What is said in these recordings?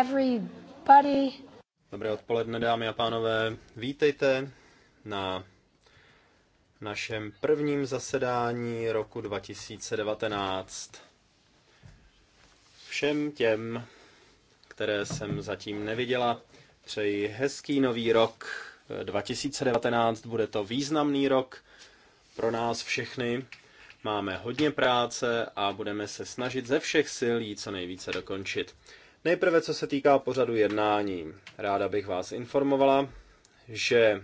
everybody. Dobré odpoledne, dámy a pánové. Vítejte na našem prvním zasedání roku 2019. Všem těm, které jsem zatím neviděla, přeji hezký nový rok. 2019 bude to významný rok pro nás všechny. Máme hodně práce a budeme se snažit ze všech sil jí co nejvíce dokončit. Nejprve, co se týká pořadu jednání. Ráda bych vás informovala, že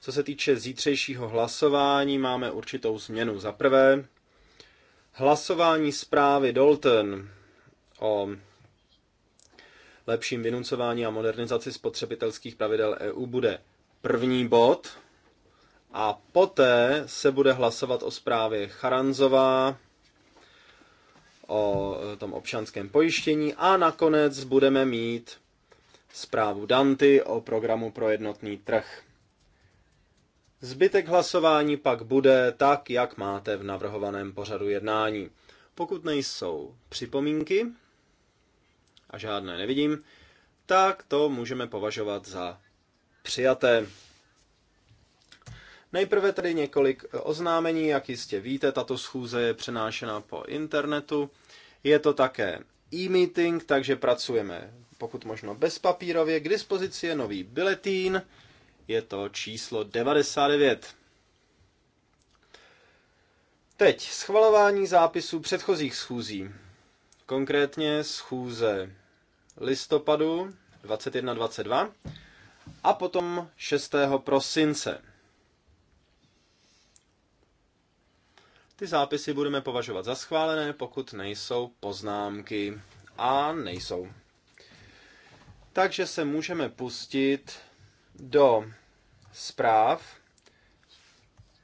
co se týče zítřejšího hlasování, máme určitou změnu. Za prvé, hlasování zprávy Dalton o lepším vynucování a modernizaci spotřebitelských pravidel EU bude první bod a poté se bude hlasovat o zprávě Charanzová o e, tom občanském pojištění a nakonec budeme mít zprávu Danty o programu pro jednotný trh. Zbytek hlasování pak bude tak, jak máte v navrhovaném pořadu jednání. Pokud nejsou připomínky, a žádné nevidím, tak to můžeme považovat za přijaté. Nejprve tedy několik oznámení, jak jistě víte, tato schůze je přenášena po internetu je to také e-meeting, takže pracujeme pokud možno bezpapírově. K dispozici je nový biletín, je to číslo 99. Teď schvalování zápisů předchozích schůzí. Konkrétně schůze listopadu 21.22 a potom 6. prosince. Ty zápisy budeme považovat za schválené, pokud nejsou poznámky. A nejsou. Takže se můžeme pustit do zpráv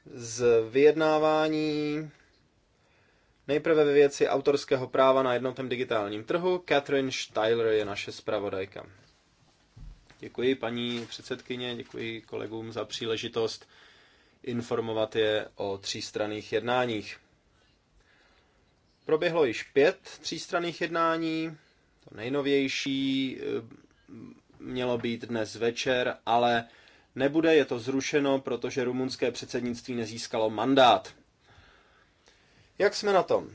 z vyjednávání nejprve ve věci autorského práva na jednotném digitálním trhu. Catherine Steiler je naše zpravodajka. Děkuji paní předsedkyně, děkuji kolegům za příležitost informovat je o třístranných jednáních. Proběhlo již pět třístranných jednání, to nejnovější eh, mělo být dnes večer, ale nebude, je to zrušeno, protože rumunské předsednictví nezískalo mandát. Jak jsme na tom?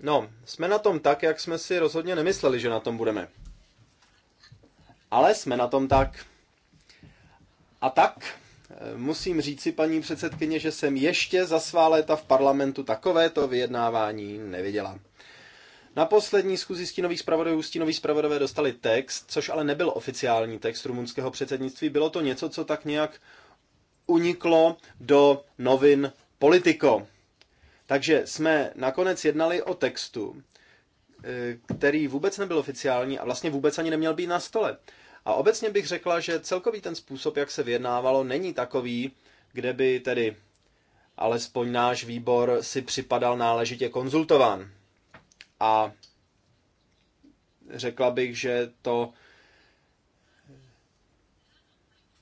No, jsme na tom tak, jak jsme si rozhodně nemysleli, že na tom budeme. Ale jsme na tom tak. A tak eh, musím říci, paní předsedkyně, že jsem ještě za svá léta v parlamentu takovéto vyjednávání neviděla. Na poslední schůzi stínových zpravodajů stínoví zpravodové dostali text, což ale nebyl oficiální text rumunského předsednictví, bylo to něco, co tak nějak uniklo do novin Politico. Takže jsme nakonec jednali o textu, eh, který vůbec nebyl oficiální a vlastně vůbec ani neměl být na stole. A obecně bych řekla, že celkový ten způsob, jak se vyjednávalo, není takový, kde by tedy alespoň náš výbor si připadal náležitě konzultován. A řekla bych, že to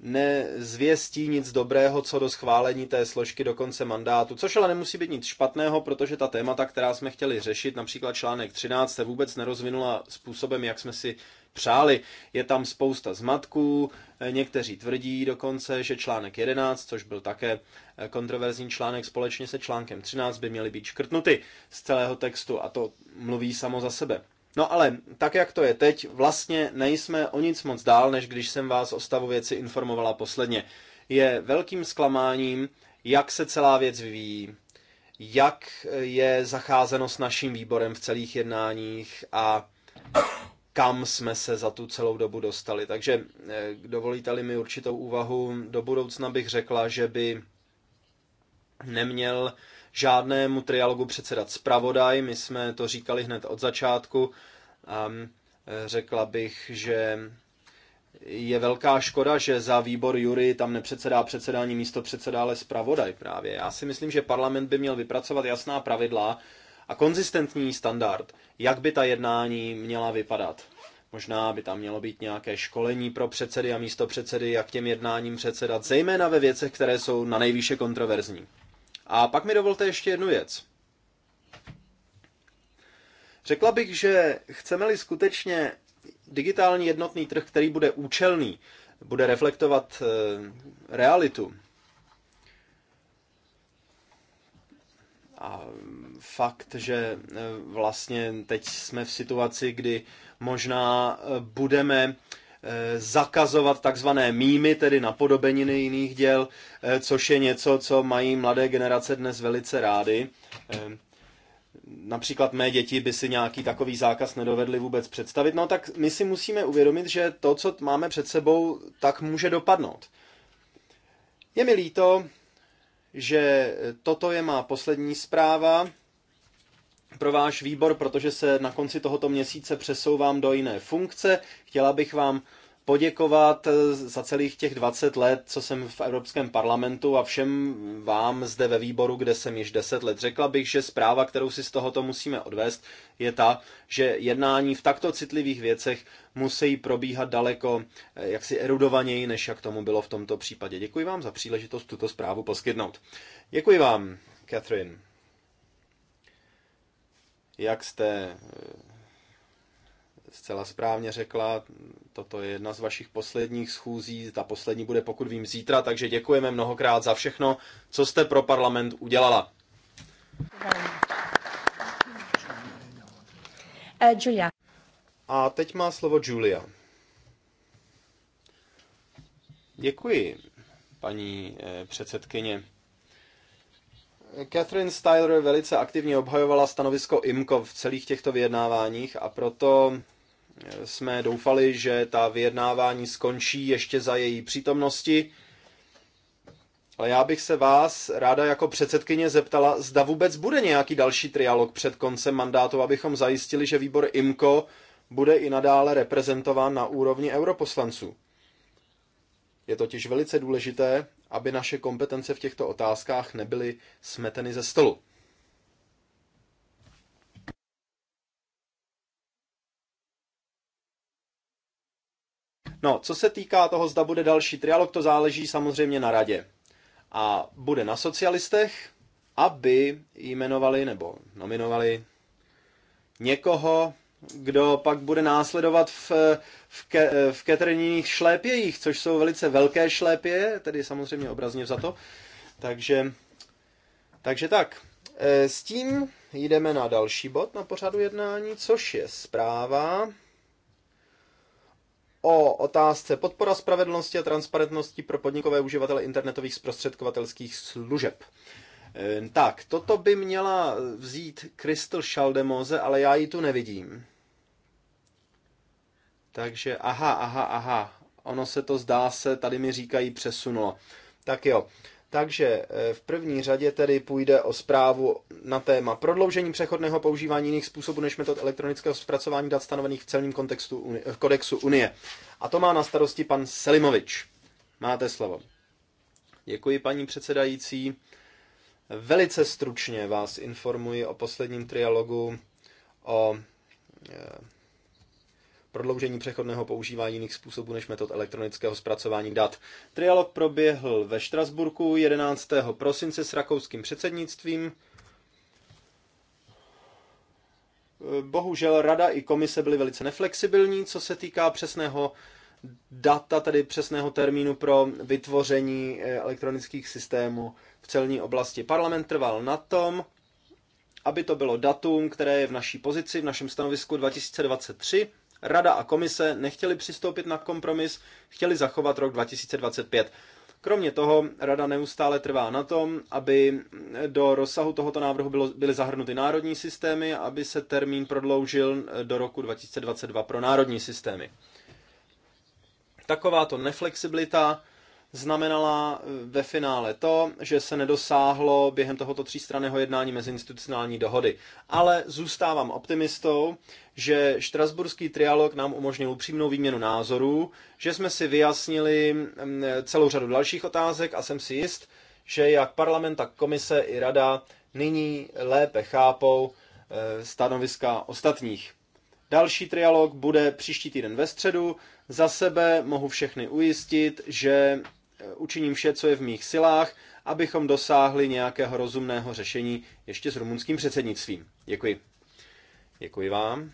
nezvěstí nic dobrého co do schválení té složky do konce mandátu, což ale nemusí být nic špatného, protože ta témata, která jsme chtěli řešit, například článek 13, se vůbec nerozvinula způsobem, jak jsme si přáli. Je tam spousta zmatků, eh, někteří tvrdí dokonce, že článek 11, což byl také eh, kontroverzní článek společně se článkem 13, by měly být škrtnuty z celého textu a to mluví samo za sebe. No ale tak, jak to je teď, vlastně nejsme o nic moc dál, než když jsem vás o stavu věci informovala posledně. Je velkým zklamáním, jak se celá věc vyvíjí, jak je zacházeno s naším výborem v celých jednáních a kam jsme se za tu celou dobu dostali. Takže eh, dovolíte-li mi určitou úvahu, do budoucna bych řekla, že by neměl žádnému trialogu předsedat zpravodaj, my jsme to říkali hned od začátku. Um, řekla bych, že je velká škoda, že za výbor Jury tam nepředsedá předsedání místo předseda, ale zpravodaj právě. Já si myslím, že parlament by měl vypracovat jasná pravidla a konzistentní standard, jak by ta jednání měla vypadat. Možná by tam mělo být nějaké školení pro předsedy a místo předsedy, jak těm jednáním předsedat, zejména ve věcech, které jsou na nejvýše kontroverzní. A pak mi dovolte ještě jednu věc. Řekla bych, že chceme-li skutečně digitální jednotný trh, který bude účelný, bude reflektovat eh, realitu a fakt, že eh, vlastně teď jsme v situaci, kdy možná eh, budeme Eh, zakazovat takzvané mýmy, tedy napodobeniny jiných děl, eh, což je něco, co mají mladé generace dnes velice rády. Eh, například mé děti by si nějaký takový zákaz nedovedli vůbec představit. No tak my si musíme uvědomit, že to, co máme před sebou, tak může dopadnout. Je mi líto, že toto je má poslední zpráva pro váš výbor, protože se na konci tohoto měsíce přesouvám do jiné funkce. Chtěla bych vám poděkovat eh, za celých těch 20 let, co jsem v Evropském parlamentu a všem vám zde ve výboru, kde jsem již 10 let. Řekla bych, že zpráva, kterou si z tohoto musíme odvést, je ta, že jednání v takto citlivých věcech musí probíhat daleko eh, jaksi erudovaněji, než jak tomu bylo v tomto případě. Děkuji vám za příležitost tuto zprávu poskytnout. Děkuji vám, Catherine. Jak jste eh, zcela správně řekla, toto je jedna z vašich posledních schůzí, ta poslední bude, pokud vím, zítra, takže děkujeme mnohokrát za všechno, co jste pro parlament udělala. Eh, Julia. A teď má slovo Julia. Děkuji, paní eh, předsedkyně. Catherine Styler velice aktivně obhajovala stanovisko IMCO v celých těchto vyjednáváních a proto eh, jsme doufali, že ta vyjednávání skončí ještě za její přítomnosti. Ale já bych se vás ráda jako předsedkyně zeptala, zda vůbec bude nějaký další trialog před koncem mandátu, abychom zajistili, že výbor IMCO bude i nadále reprezentován na úrovni europoslanců. Je totiž velice důležité, aby naše kompetence v těchto otázkách nebyly smeteny ze stolu. No, co se týká toho, zda bude další trialog, to záleží samozřejmě na radě. A bude na socialistech, aby jmenovali nebo nominovali někoho, kdo pak bude následovat v, v, ke, v keterních šlépějích, což jsou velice velké šlépě, tedy samozřejmě obrazně za to. Takže, takže tak. E, s tím jdeme na další bod na pořadu jednání, což je zpráva o otázce podpora spravedlnosti a transparentnosti pro podnikové uživatele internetových zprostředkovatelských služeb. E, tak, toto by měla vzít Crystal Šaldemoze, ale já ji tu nevidím. Takže aha, aha, aha, ono se to zdá se, tady mi říkají přesunulo. Tak jo, takže eh, v první řadě tedy půjde o zprávu na téma prodloužení přechodného používání jiných způsobů než metod elektronického zpracování dat stanovených v celním kontextu unie, v kodexu Unie. A to má na starosti pan Selimovič. Máte slovo. Děkuji, paní předsedající. Velice stručně vás informuji o posledním trialogu o eh, prodloužení přechodného používání jiných způsobů než metod elektronického zpracování dat. Trialog proběhl ve Štrasburku 11. prosince s rakouským předsednictvím. Bohužel rada i komise byly velice neflexibilní, co se týká přesného data, tedy přesného termínu pro vytvoření eh, elektronických systémů v celní oblasti. Parlament trval na tom, aby to bylo datum, které je v naší pozici, v našem stanovisku 2023, Rada a komise nechtěli přistoupit na kompromis, chtěli zachovat rok 2025. Kromě toho, rada neustále trvá na tom, aby do rozsahu tohoto návrhu bylo, byly zahrnuty národní systémy, aby se termín prodloužil do roku 2022 pro národní systémy. Takováto neflexibilita znamenala eh, ve finále to, že se nedosáhlo během tohoto třístraného jednání meziinstitucionální dohody. Ale zůstávám optimistou, že štrasburský trialog nám umožnil upřímnou výměnu názorů, že jsme si vyjasnili mm, celou řadu dalších otázek a jsem si jist, že jak parlament, tak komise i rada nyní lépe chápou eh, stanoviska ostatních. Další trialog bude příští týden ve středu. Za sebe mohu všechny ujistit, že učiním vše, co je v mých silách, abychom dosáhli nějakého rozumného řešení ještě s rumunským předsednictvím. Děkuji. Děkuji vám.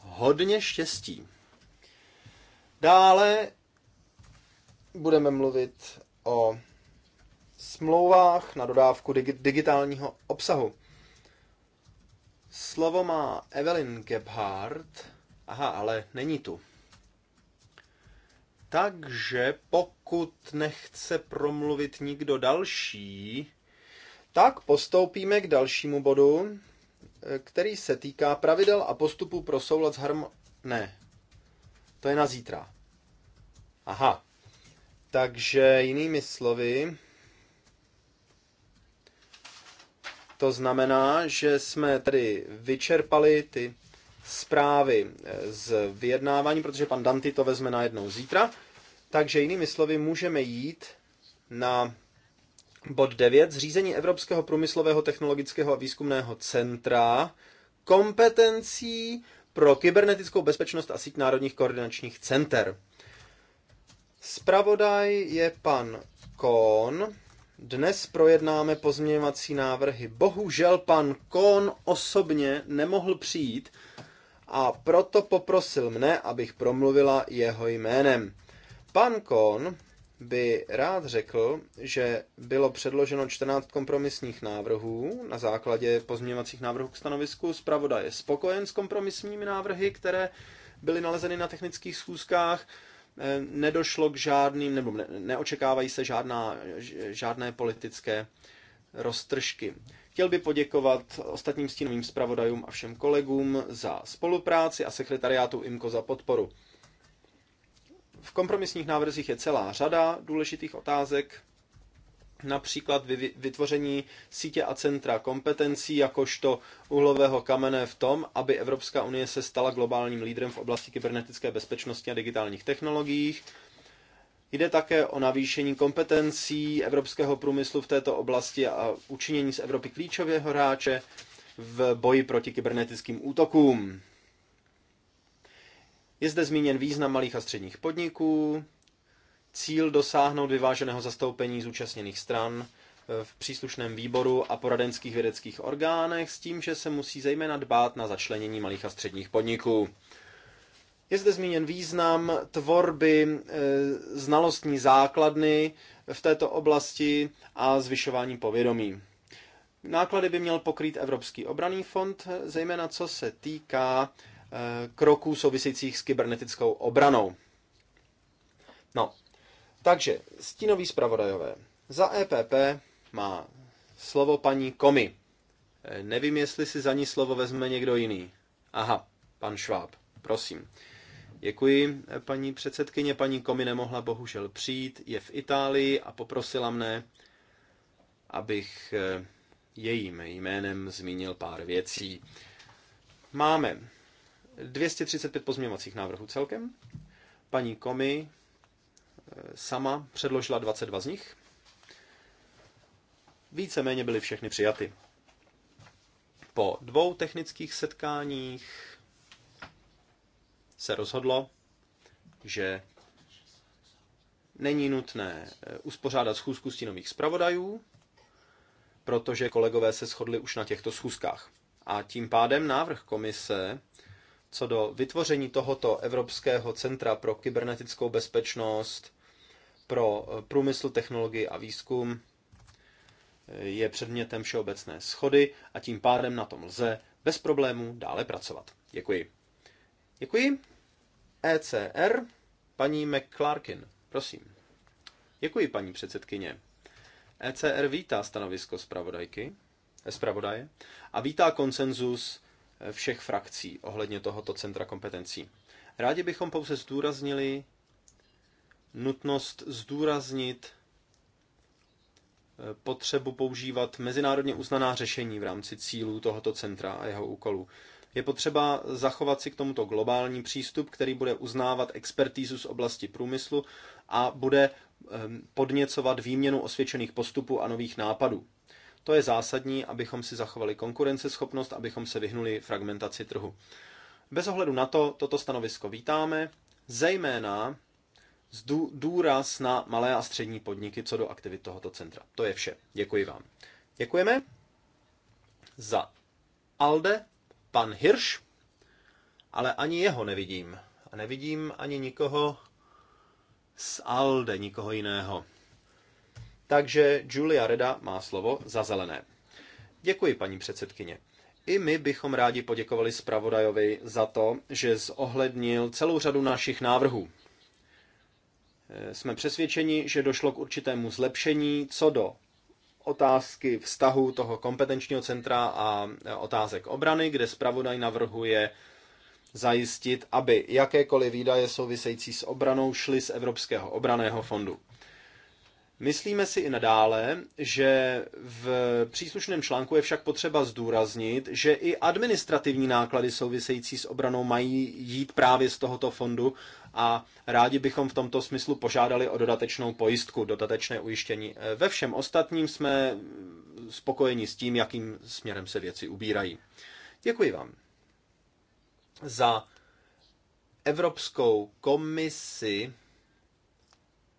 Hodně štěstí. Dále budeme mluvit o smlouvách na dodávku dig- digitálního obsahu. Slovo má Evelyn Gebhardt. Aha, ale není tu. Takže pokud nechce promluvit nikdo další, tak postoupíme k dalšímu bodu, který se týká pravidel a postupů pro soulad s harm... Ne, to je na zítra. Aha, takže jinými slovy, to znamená, že jsme tedy vyčerpali ty zprávy z vyjednávání, protože pan Danty to vezme najednou zítra. Takže jinými slovy můžeme jít na bod 9. Zřízení Evropského průmyslového technologického a výzkumného centra kompetencí pro kybernetickou bezpečnost a síť národních koordinačních center. Spravodaj je pan Kohn. Dnes projednáme pozměňovací návrhy. Bohužel pan Kohn osobně nemohl přijít a proto poprosil mne, abych promluvila jeho jménem. Pan Kohn by rád řekl, že bylo předloženo 14 kompromisních návrhů na základě pozměňovacích návrhů k stanovisku. Zpravoda je spokojen s kompromisními návrhy, které byly nalezeny na technických schůzkách. E, nedošlo k žádným, nebo neočekávají se žádná, žádné politické roztržky. Chtěl by poděkovat ostatním stínovým zpravodajům a všem kolegům za spolupráci a sekretariátu IMKO za podporu. V kompromisních návrzích je celá řada důležitých otázek, například vytvoření sítě a centra kompetencí jakožto uhlového kamene v tom, aby Evropská unie se stala globálním lídrem v oblasti kybernetické bezpečnosti a digitálních technologiích. Jde také o navýšení kompetencí evropského průmyslu v této oblasti a učinění z Evropy klíčového hráče v boji proti kybernetickým útokům. Je zde zmíněn význam malých a středních podniků, cíl dosáhnout vyváženého zastoupení zúčastněných stran eh, v příslušném výboru a poradenských vědeckých orgánech s tím, že se musí zejména dbát na začlenění malých a středních podniků. Je zde zmíněn význam tvorby eh, znalostní základny v této oblasti a zvyšování povědomí. Náklady by měl pokrýt Evropský obraný fond, eh, zejména co se týká Eh, kroků souvisejících s kybernetickou obranou. No, takže stínoví zpravodajové. Za EPP má slovo paní Komi. Eh, nevím, jestli si za ní slovo vezme někdo jiný. Aha, pan Šváb, prosím. Děkuji, eh, paní předsedkyně. Paní Komi nemohla bohužel přijít, je v Itálii a poprosila mne, abych jejím jménem zmínil pár věcí. Máme 235 pozměňovacích návrhů celkem. Paní Komi eh, sama předložila 22 z nich. Víceméně byly všechny přijaty. Po dvou technických setkáních se rozhodlo, že není nutné eh, uspořádat schůzku stínových zpravodajů, protože kolegové se shodli už na těchto schůzkách. A tím pádem návrh komise co do vytvoření tohoto Evropského centra pro kybernetickou bezpečnost, pro eh, průmysl, technologii a výzkum, eh, je předmětem všeobecné schody a tím pádem na tom lze bez problémů dále pracovat. Děkuji. Děkuji. ECR, paní McClarkin, prosím. Děkuji, paní předsedkyně. ECR vítá stanovisko zpravodajky, zpravodaje a vítá konsenzus všech frakcí ohledně tohoto centra kompetencí. Rádi bychom pouze zdůraznili nutnost zdůraznit eh, potřebu používat mezinárodně uznaná řešení v rámci cílů tohoto centra a jeho úkolů. Je potřeba zachovat si k tomuto globální přístup, který bude uznávat expertízu z oblasti průmyslu a bude ehm, podněcovat výměnu osvědčených postupů a nových nápadů. To je zásadní, abychom si zachovali konkurenceschopnost, abychom se vyhnuli fragmentaci trhu. Bez ohledu na to, toto stanovisko vítáme, zejména z důraz na malé a střední podniky co do aktivit tohoto centra. To je vše. Děkuji vám. Děkujeme za Alde, pan Hirsch, ale ani jeho nevidím. A nevidím ani nikoho z Alde, nikoho jiného. Takže Julia Reda má slovo za zelené. Děkuji, paní předsedkyně. I my bychom rádi poděkovali zpravodajovi za to, že zohlednil celou řadu našich návrhů. Jsme přesvědčeni, že došlo k určitému zlepšení co do otázky vztahu toho kompetenčního centra a otázek obrany, kde zpravodaj navrhuje zajistit, aby jakékoliv výdaje související s obranou šly z Evropského obraného fondu. Myslíme si i nadále, že v příslušném článku je však potřeba zdůraznit, že i administrativní náklady související s obranou mají jít právě z tohoto fondu a rádi bychom v tomto smyslu požádali o dodatečnou pojistku, dodatečné ujištění. Ve všem ostatním jsme spokojeni s tím, jakým směrem se věci ubírají. Děkuji vám za Evropskou komisi.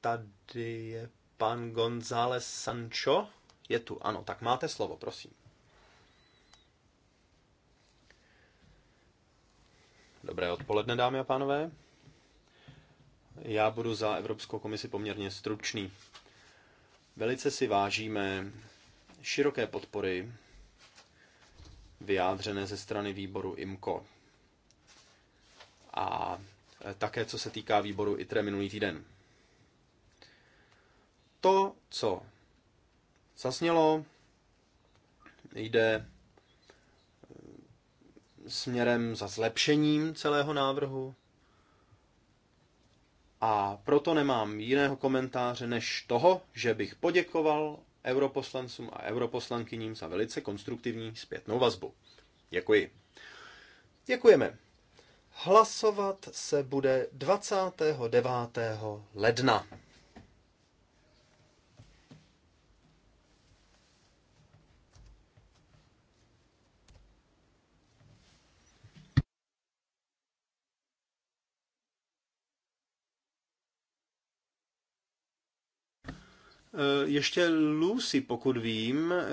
Tady je Pan González Sancho je tu, ano, tak máte slovo, prosím. Dobré odpoledne, dámy a pánové. Já budu za Evropskou komisi poměrně stručný. Velice si vážíme široké podpory vyjádřené ze strany výboru IMCO. A také co se týká výboru ITRE minulý týden to, co zasnělo, jde eh, směrem za zlepšením celého návrhu a proto nemám jiného komentáře než toho, že bych poděkoval europoslancům a europoslankyním za velice konstruktivní zpětnou vazbu. Děkuji. Děkujeme. Hlasovat se bude 29. ledna. Eh, ještě Lucy, pokud vím, eh,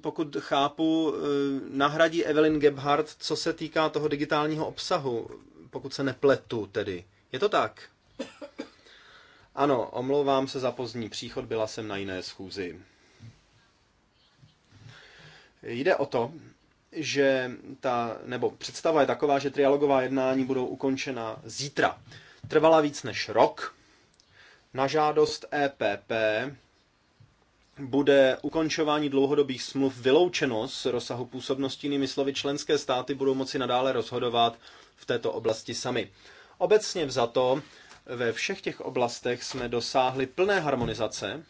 pokud chápu, eh, nahradí Evelyn Gebhardt, co se týká toho digitálního obsahu, pokud se nepletu tedy. Je to tak? Ano, omlouvám se za pozdní příchod, byla jsem na jiné schůzi. Jde o to, že ta, nebo představa je taková, že trialogová jednání budou ukončena zítra. Trvala víc než rok, na žádost EPP bude ukončování dlouhodobých smluv vyloučeno z rozsahu působnosti, jinými slovy členské státy budou moci nadále rozhodovat v této oblasti sami. Obecně vzato, ve všech těch oblastech jsme dosáhli plné harmonizace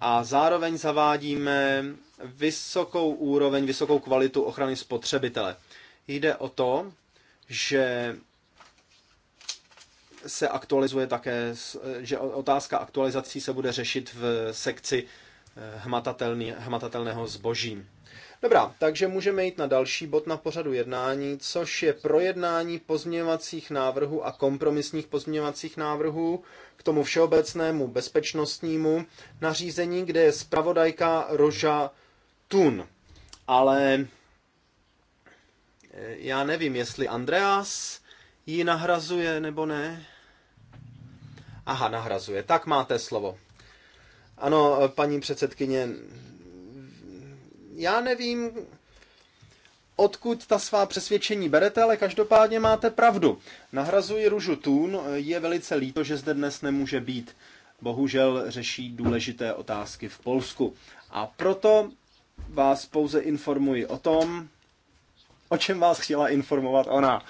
a zároveň zavádíme vysokou úroveň, vysokou kvalitu ochrany spotřebitele. Jde o to, že se aktualizuje také, že otázka aktualizací se bude řešit v sekci eh, hmatatelného zboží. Dobrá, takže můžeme jít na další bod na pořadu jednání, což je projednání pozměňovacích návrhů a kompromisních pozměňovacích návrhů k tomu všeobecnému bezpečnostnímu nařízení, kde je zpravodajka Roža Tun. Ale eh, já nevím, jestli Andreas ji nahrazuje nebo ne. Aha, nahrazuje. Tak máte slovo. Ano, paní předsedkyně, já nevím, odkud ta svá přesvědčení berete, ale každopádně máte pravdu. Nahrazuji Ružu Tún, je velice líto, že zde dnes nemůže být. Bohužel řeší důležité otázky v Polsku. A proto vás pouze informuji o tom, o čem vás chtěla informovat ona.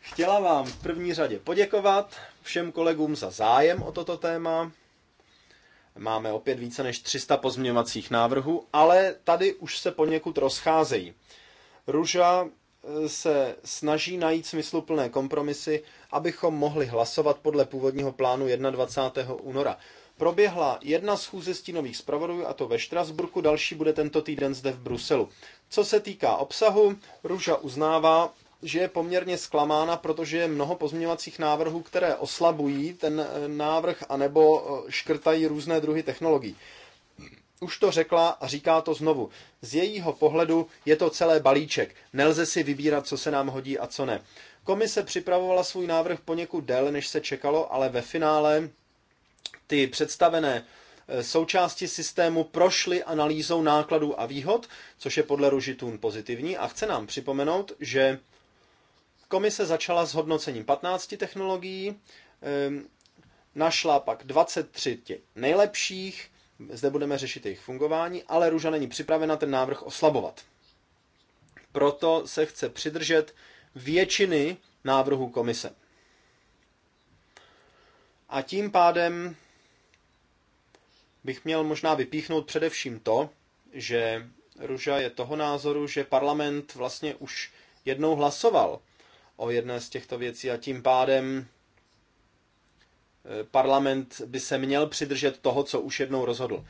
Chtěla vám v první řadě poděkovat, všem kolegům za zájem o toto téma. Máme opět více než 300 pozměňovacích návrhů, ale tady už se poněkud rozcházejí. Ruža eh, se snaží najít smysluplné kompromisy, abychom mohli hlasovat podle původního plánu 21. února. Proběhla jedna schůze stínových zpravodů, a to ve Štrasburku, další bude tento týden zde v Bruselu. Co se týká obsahu, Ruža uznává, že je poměrně zklamána, protože je mnoho pozměňovacích návrhů, které oslabují ten eh, návrh anebo eh, škrtají různé druhy technologií. Už to řekla a říká to znovu. Z jejího pohledu je to celé balíček. Nelze si vybírat, co se nám hodí a co ne. Komise připravovala svůj návrh poněkud déle, než se čekalo, ale ve finále ty představené eh, součásti systému prošly analýzou nákladů a výhod, což je podle Ružitun pozitivní a chce nám připomenout, že Komise začala s hodnocením 15 technologií, ehm, našla pak 23 nejlepších, zde budeme řešit jejich fungování, ale Růža není připravena ten návrh oslabovat. Proto se chce přidržet většiny návrhů komise. A tím pádem bych měl možná vypíchnout především to, že Ruža je toho názoru, že parlament vlastně už jednou hlasoval o jedné z těchto věcí a tím pádem eh, parlament by se měl přidržet toho, co už jednou rozhodl.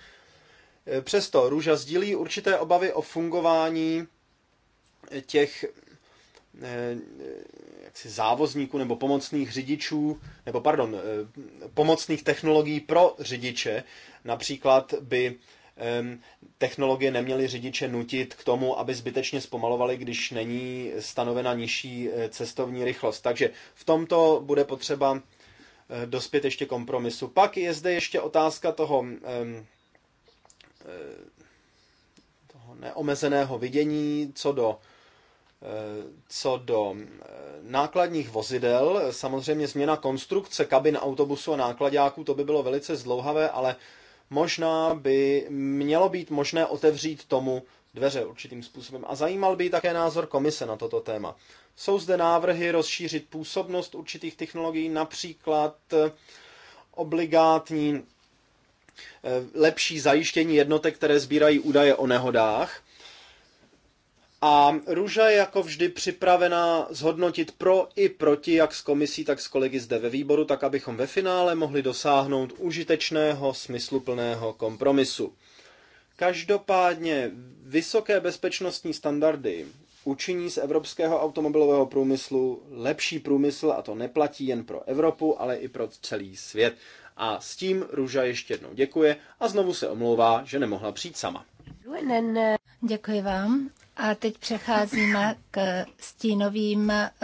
Eh, přesto Růža sdílí určité obavy o fungování eh, těch jaksi závozníků nebo pomocných řidičů, nebo pardon, pomocných technologií pro řidiče. Například by technologie neměly řidiče nutit k tomu, aby zbytečně zpomalovali, když není stanovena nižší e, cestovní rychlost. Takže v tomto bude potřeba e, dospět ještě kompromisu. Pak je zde ještě otázka toho, e, toho neomezeného vidění co do co do nákladních vozidel, samozřejmě změna konstrukce kabin autobusu a nákladáků, to by bylo velice zdlouhavé, ale možná by mělo být možné otevřít tomu dveře určitým způsobem. A zajímal by také názor komise na toto téma. Jsou zde návrhy rozšířit působnost určitých technologií, například eh, obligátní eh, lepší zajištění jednotek, které sbírají údaje o nehodách, a Růža je jako vždy připravená zhodnotit pro i proti, jak s komisí, tak s kolegy zde ve výboru, tak abychom ve finále mohli dosáhnout užitečného, smysluplného kompromisu. Každopádně vysoké bezpečnostní standardy učiní z evropského automobilového průmyslu lepší průmysl a to neplatí jen pro Evropu, ale i pro celý svět. A s tím Růža ještě jednou děkuje a znovu se omlouvá, že nemohla přijít sama. Děkuji vám a teď přecházíme k stínovým eh,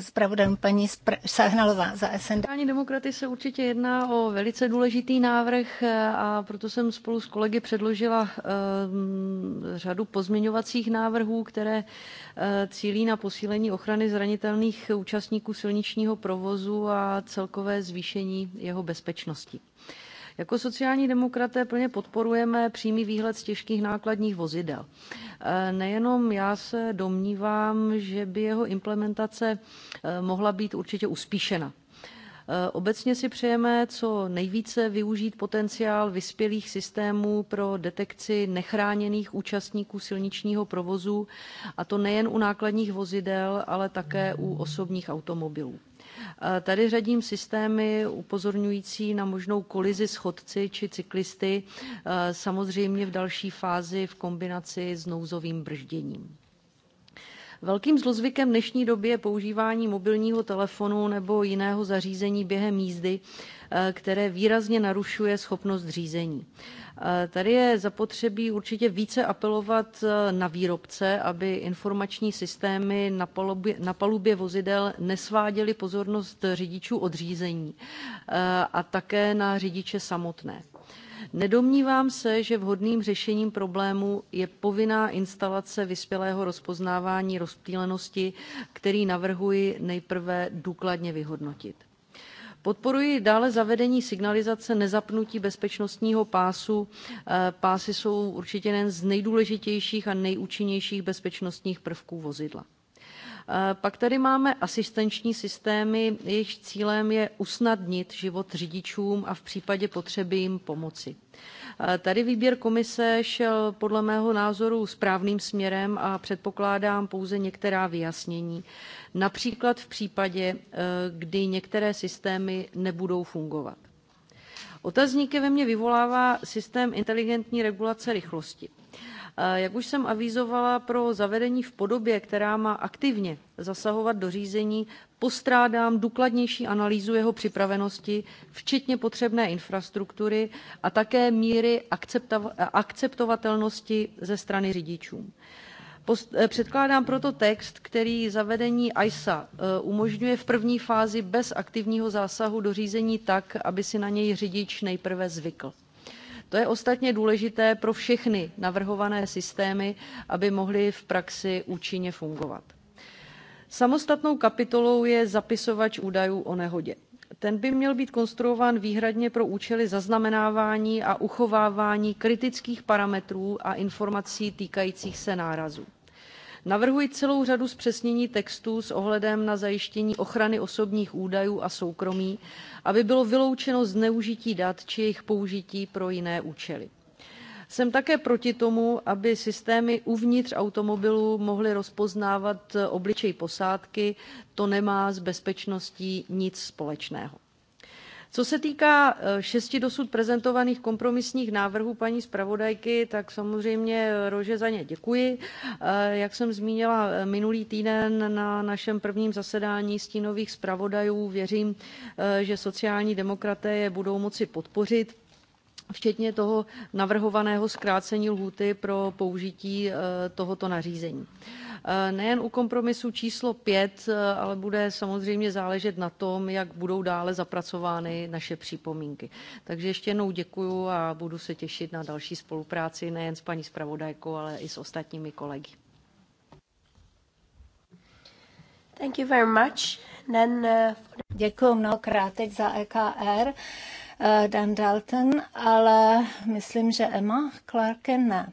zpravodajům paní Sahnalová za SND. Páni demokraty se určitě jedná o velice důležitý návrh eh, a proto jsem spolu s kolegy předložila eh, řadu pozměňovacích návrhů, které cílí na posílení ochrany zranitelných účastníků silničního provozu a celkové zvýšení jeho bezpečnosti. Jako sociální demokraté plně podporujeme přímý výhled z těžkých nákladních vozidel. E, nejenom já se domnívám, že by jeho implementace e, mohla být určitě uspíšena. E, obecně si přejeme co nejvíce využít potenciál vyspělých systémů pro detekci nechráněných účastníků silničního provozu, a to nejen u nákladních vozidel, ale také u osobních automobilů. Eh, tady řadím systémy upozorňující na možnou kolizi s chodci či cyklisty, eh, samozřejmě v další fázi v kombinaci s nouzovým bržděním. Velkým zlozvykem dnešní doby je používání mobilního telefonu nebo jiného zařízení během jízdy, Eh, které výrazně narušuje schopnost řízení. Eh, tady je zapotřebí určitě více apelovat eh, na výrobce, aby informační systémy na palubě, na palubě vozidel nesváděly pozornost řidičů od řízení a také na řidiče samotné. Nedomnívám se, že vhodným řešením problému je povinná instalace vyspělého rozpoznávání rozptýlenosti, který navrhuji nejprve důkladně vyhodnotit. Podporuji dále zavedení signalizace nezapnutí bezpečnostního pásu. Eh, pásy jsou určitě jeden z nejdůležitějších a nejúčinnějších bezpečnostních prvků vozidla. Eh, pak tady máme asistenční systémy, jejichž cílem je usnadnit život řidičům a v případě potřeby jim pomoci. Eh, tady výběr komise šel podle mého názoru správným směrem a předpokládám pouze některá vyjasnění. Například v případě, eh, kdy některé systémy nebudou fungovat. Otazníky ve mně vyvolává systém inteligentní regulace rychlosti. Jak už jsem avizovala, pro zavedení v podobě, která má aktivně zasahovat do řízení, postrádám důkladnější analýzu jeho připravenosti, včetně potřebné infrastruktury a také míry akceptovatelnosti ze strany řidičů. Eh, předkládám proto text, který zavedení ISA eh, umožňuje v první fázi bez aktivního zásahu do řízení tak, aby si na něj řidič nejprve zvykl. To je ostatně důležité pro všechny navrhované systémy, aby mohly v praxi účinně fungovat. Samostatnou kapitolou je zapisovač údajů o nehodě. Ten by měl být konstruován výhradně pro účely zaznamenávání a uchovávání kritických parametrů a informací týkajících se nárazu. Navrhuji celou řadu zpřesnění textů s ohledem na zajištění ochrany osobních údajů a soukromí, aby bylo vyloučeno zneužití dat či jejich použití pro jiné účely. Jsem také proti tomu, aby systémy uvnitř automobilů mohly rozpoznávat obličej posádky. To nemá s bezpečností nic společného. Co se týká eh, šesti dosud prezentovaných kompromisních návrhů paní zpravodajky, tak samozřejmě eh, Rože za ně děkuji. Eh, jak jsem zmínila minulý týden na našem prvním zasedání stínových zpravodajů, věřím, že sociální demokraté je budou moci podpořit včetně toho navrhovaného zkrácení lhůty pro použití eh, tohoto nařízení. Eh, nejen u kompromisu číslo 5, eh, ale bude samozřejmě záležet na tom, jak budou dále zapracovány naše připomínky. Takže ještě jednou děkuju a budu se těšit na další spolupráci nejen s paní zpravodajkou, ale i s ostatními kolegy. Thank you very much. Then, uh... Děkuji mnohokrát teď za EKR. Eh, Dan Dalton, ale myslím, že Emma Clarken ne.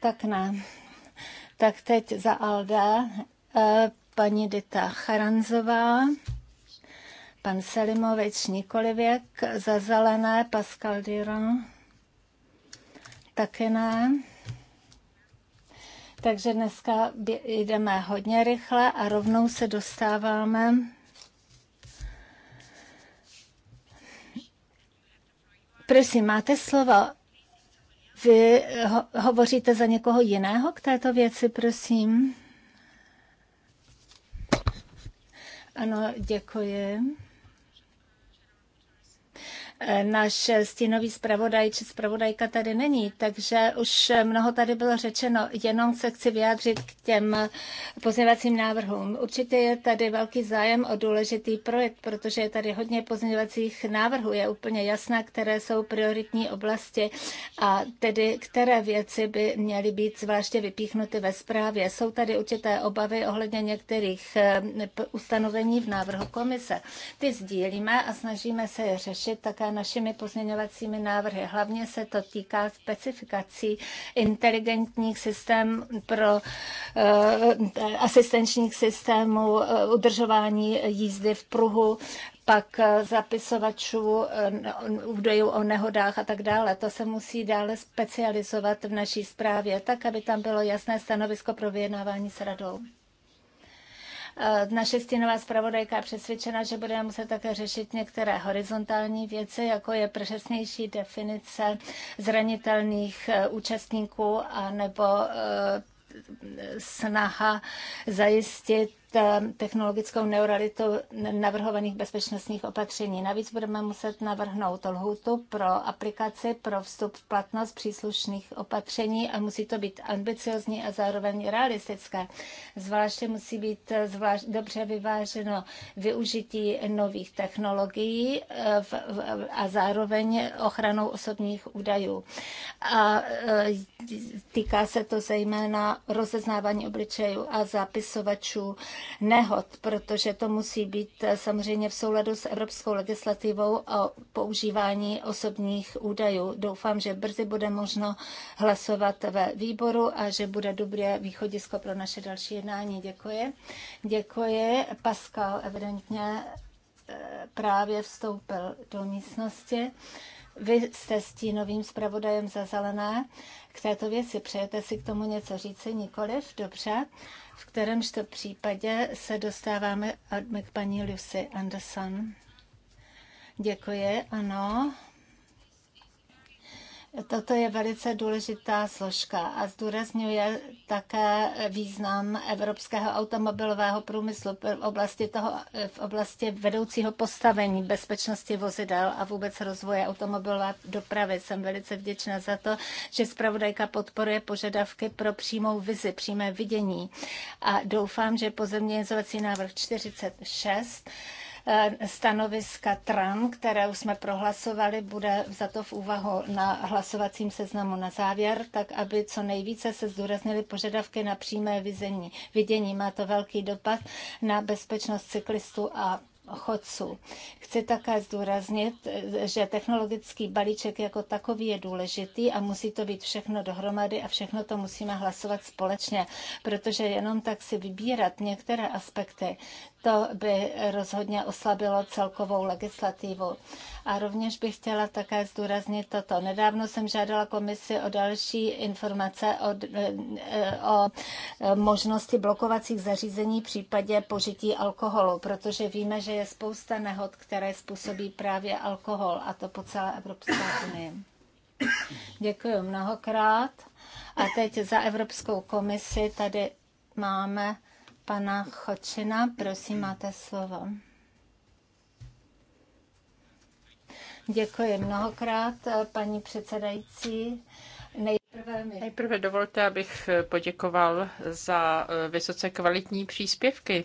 Tak ne. Tak teď za Alda eh, paní Dita Charanzová, pan Selimovič Nikolivěk, za zelené Pascal Diron, taky ne. Takže dneska jdeme hodně rychle a rovnou se dostáváme Prosím, máte slovo. Vy ho- hovoříte za někoho jiného k této věci, prosím. Ano, děkuji náš stínový zpravodaj či zpravodajka tady není, takže už mnoho tady bylo řečeno, jenom se chci vyjádřit k těm pozměňovacím návrhům. Určitě je tady velký zájem o důležitý projekt, protože je tady hodně pozměňovacích návrhů, je úplně jasné, které jsou prioritní oblasti a tedy které věci by měly být zvláště vypíchnuty ve zprávě. Jsou tady určité obavy ohledně některých eh, ustanovení v návrhu komise. Ty sdílíme a snažíme se je řešit také našimi pozměňovacími návrhy. Hlavně se to týká specifikací inteligentních systémů pro eh, asistenčních systémů, eh, udržování jízdy v pruhu, pak eh, zapisovačů údajů o nehodách a tak dále. To se musí dále specializovat v naší zprávě, tak aby tam bylo jasné stanovisko pro vyjednávání s radou. Eh, naše stínová zpravodajka je přesvědčena, že budeme muset také řešit některé horizontální věci, jako je přesnější definice zranitelných eh, účastníků a nebo eh, snaha zajistit Eh, technologickou neuralitu navrhovaných bezpečnostních opatření. Navíc budeme muset navrhnout lhůtu pro aplikaci pro vstup v platnost příslušných opatření a musí to být ambiciozní a zároveň realistické. Zvláště musí být eh, zvlášť dobře vyváženo využití nových technologií eh, a zároveň ochranou osobních údajů. A týká se to zejména rozeznávání obličejů a zapisovačů nehod, protože to musí být eh, samozřejmě v souladu s evropskou legislativou o používání osobních údajů. Doufám, že brzy bude možno hlasovat ve výboru a že bude dobré východisko pro naše další jednání. Děkuji. Děkuji. Pascal evidentně eh, právě vstoupil do místnosti. Vy jste stínovým zpravodajem za zelené. K této věci přejete si k tomu něco říci? Nikoliv? Dobře v kterémž to případě se dostáváme k paní Lucy Anderson. Děkuji, ano. Toto je velice důležitá složka a zdůrazňuje také význam evropského automobilového průmyslu v oblasti, toho, v oblasti vedoucího postavení bezpečnosti vozidel a vůbec rozvoje automobilové dopravy. Jsem velice vděčná za to, že zpravodajka podporuje požadavky pro přímou vizi, přímé vidění a doufám, že pozemní jezovací návrh 46 Eh, stanoviska TRAN, které už jsme prohlasovali, bude za to v úvahu na hlasovacím seznamu na závěr, tak aby co nejvíce se zdůraznily požadavky na přímé vidění. vidění. Má to velký dopad na bezpečnost cyklistů a chodců. Chci také zdůraznit, že technologický balíček jako takový je důležitý a musí to být všechno dohromady a všechno to musíme hlasovat společně, protože jenom tak si vybírat některé aspekty, to by rozhodně oslabilo celkovou legislativu. A rovněž bych chtěla také zdůraznit toto. Nedávno jsem žádala komisi o další informace eh, o, o eh, možnosti blokovacích zařízení v případě požití alkoholu, protože víme, že je spousta nehod, které způsobí právě alkohol, a to po celé Evropské unii. Děkuji mnohokrát. A teď za Evropskou komisi tady máme pana Chočina. Prosím, máte slovo. Děkuji mnohokrát, paní předsedající. Nejprve, mi... Nejprve dovolte, abych poděkoval za vysoce kvalitní příspěvky.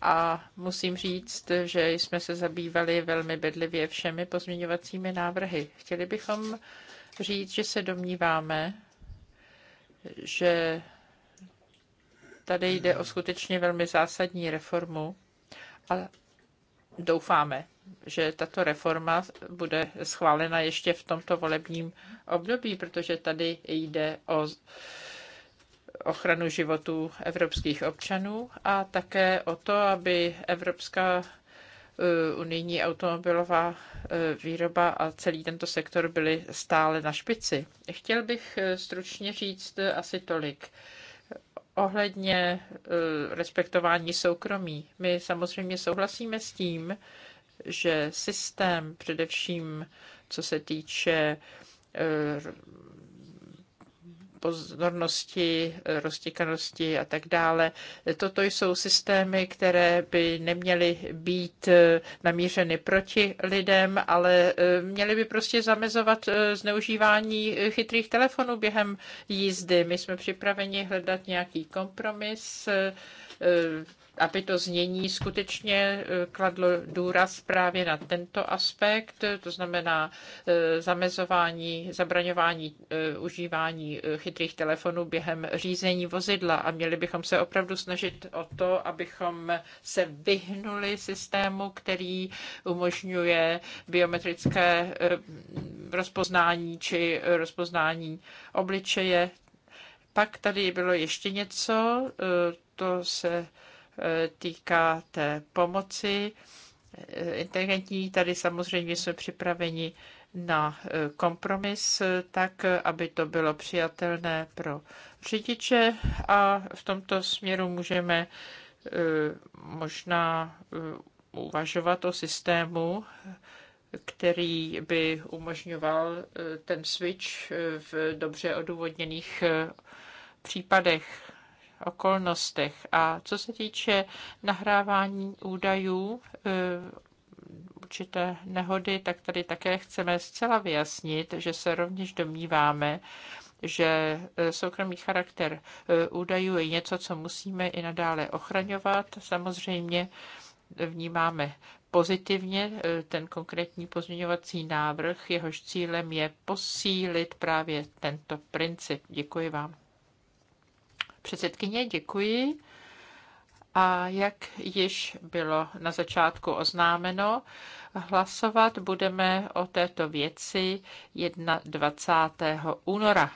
A musím říct, že jsme se zabývali velmi bedlivě všemi pozměňovacími návrhy. Chtěli bychom říct, že se domníváme, že Tady jde o skutečně velmi zásadní reformu a doufáme, že tato reforma bude schválena ještě v tomto volebním období, protože tady jde o ochranu životů evropských občanů a také o to, aby Evropská eh, unijní automobilová eh, výroba a celý tento sektor byly stále na špici. Chtěl bych eh, stručně říct asi tolik. Ohledně eh, respektování soukromí, my samozřejmě souhlasíme s tím, že systém, především co se týče eh, pozornosti, roztěkanosti a tak dále. Toto jsou systémy, které by neměly být eh, namířeny proti lidem, ale eh, měly by prostě zamezovat eh, zneužívání chytrých telefonů během jízdy. My jsme připraveni hledat nějaký kompromis, aby to znění skutečně eh, kladlo důraz právě na tento aspekt, to znamená eh, zamezování, zabraňování eh, užívání chytrých telefonů během řízení vozidla a měli bychom se opravdu snažit o to, abychom se vyhnuli systému, který umožňuje biometrické rozpoznání či rozpoznání obličeje. Pak tady bylo ještě něco, to se E, týká té pomoci e, inteligentní, tady samozřejmě jsme připraveni na e, kompromis, tak aby to bylo přijatelné pro řidiče a v tomto směru můžeme možná uvažovat o systému, který by umožňoval ten switch v dobře odůvodněných případech okolnostech. A co se týče nahrávání údajů e, určité nehody, tak tady také chceme zcela vyjasnit, že se rovněž domníváme, že e, soukromý charakter e, údajů je něco, co musíme i nadále ochraňovat. Samozřejmě vnímáme pozitivně ten konkrétní pozměňovací návrh, jehož cílem je posílit právě tento princip. Děkuji vám. Předsedkyně, děkuji. A jak již bylo na začátku oznámeno, hlasovat budeme o této věci 21. února.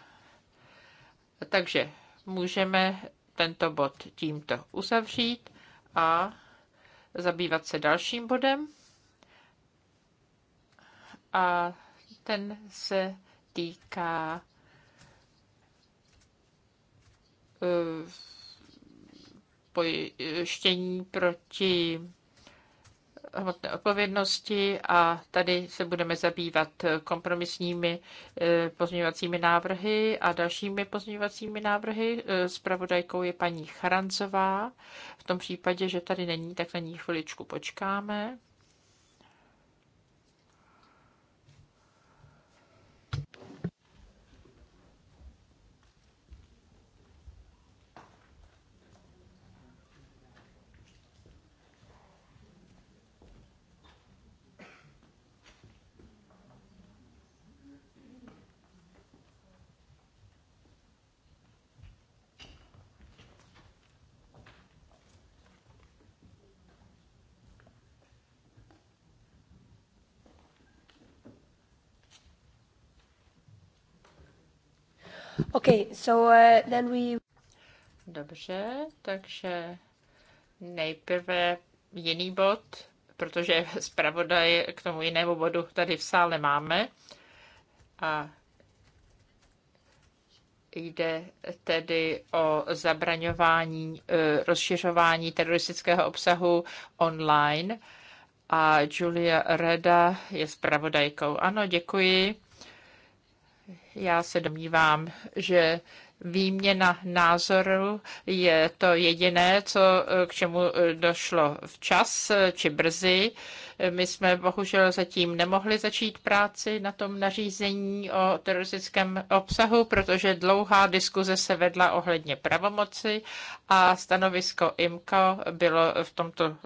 Takže můžeme tento bod tímto uzavřít a zabývat se dalším bodem. A ten se týká Eh, pojištění proti hmotné odpovědnosti a tady se budeme zabývat kompromisními eh, pozměňovacími návrhy a dalšími pozměňovacími návrhy. Spravodajkou eh, je paní Charanzová. V tom případě, že tady není, tak na ní chviličku počkáme. Okay, so uh, then we... Dobře, takže nejprve jiný bod, protože zpravodaj k tomu jinému bodu tady v sále máme. A Jde tedy o zabraňování eh, rozšiřování teroristického obsahu online. A Julia Reda je zpravodajkou. Ano, děkuji. Já se domnívám, že výměna názoru je to jediné, co eh, k čemu eh, došlo včas eh, či brzy. My jsme bohužel zatím nemohli začít práci na tom nařízení o teroristickém obsahu, protože dlouhá diskuze se vedla ohledně pravomoci a stanovisko IMCO bylo v tomto eh,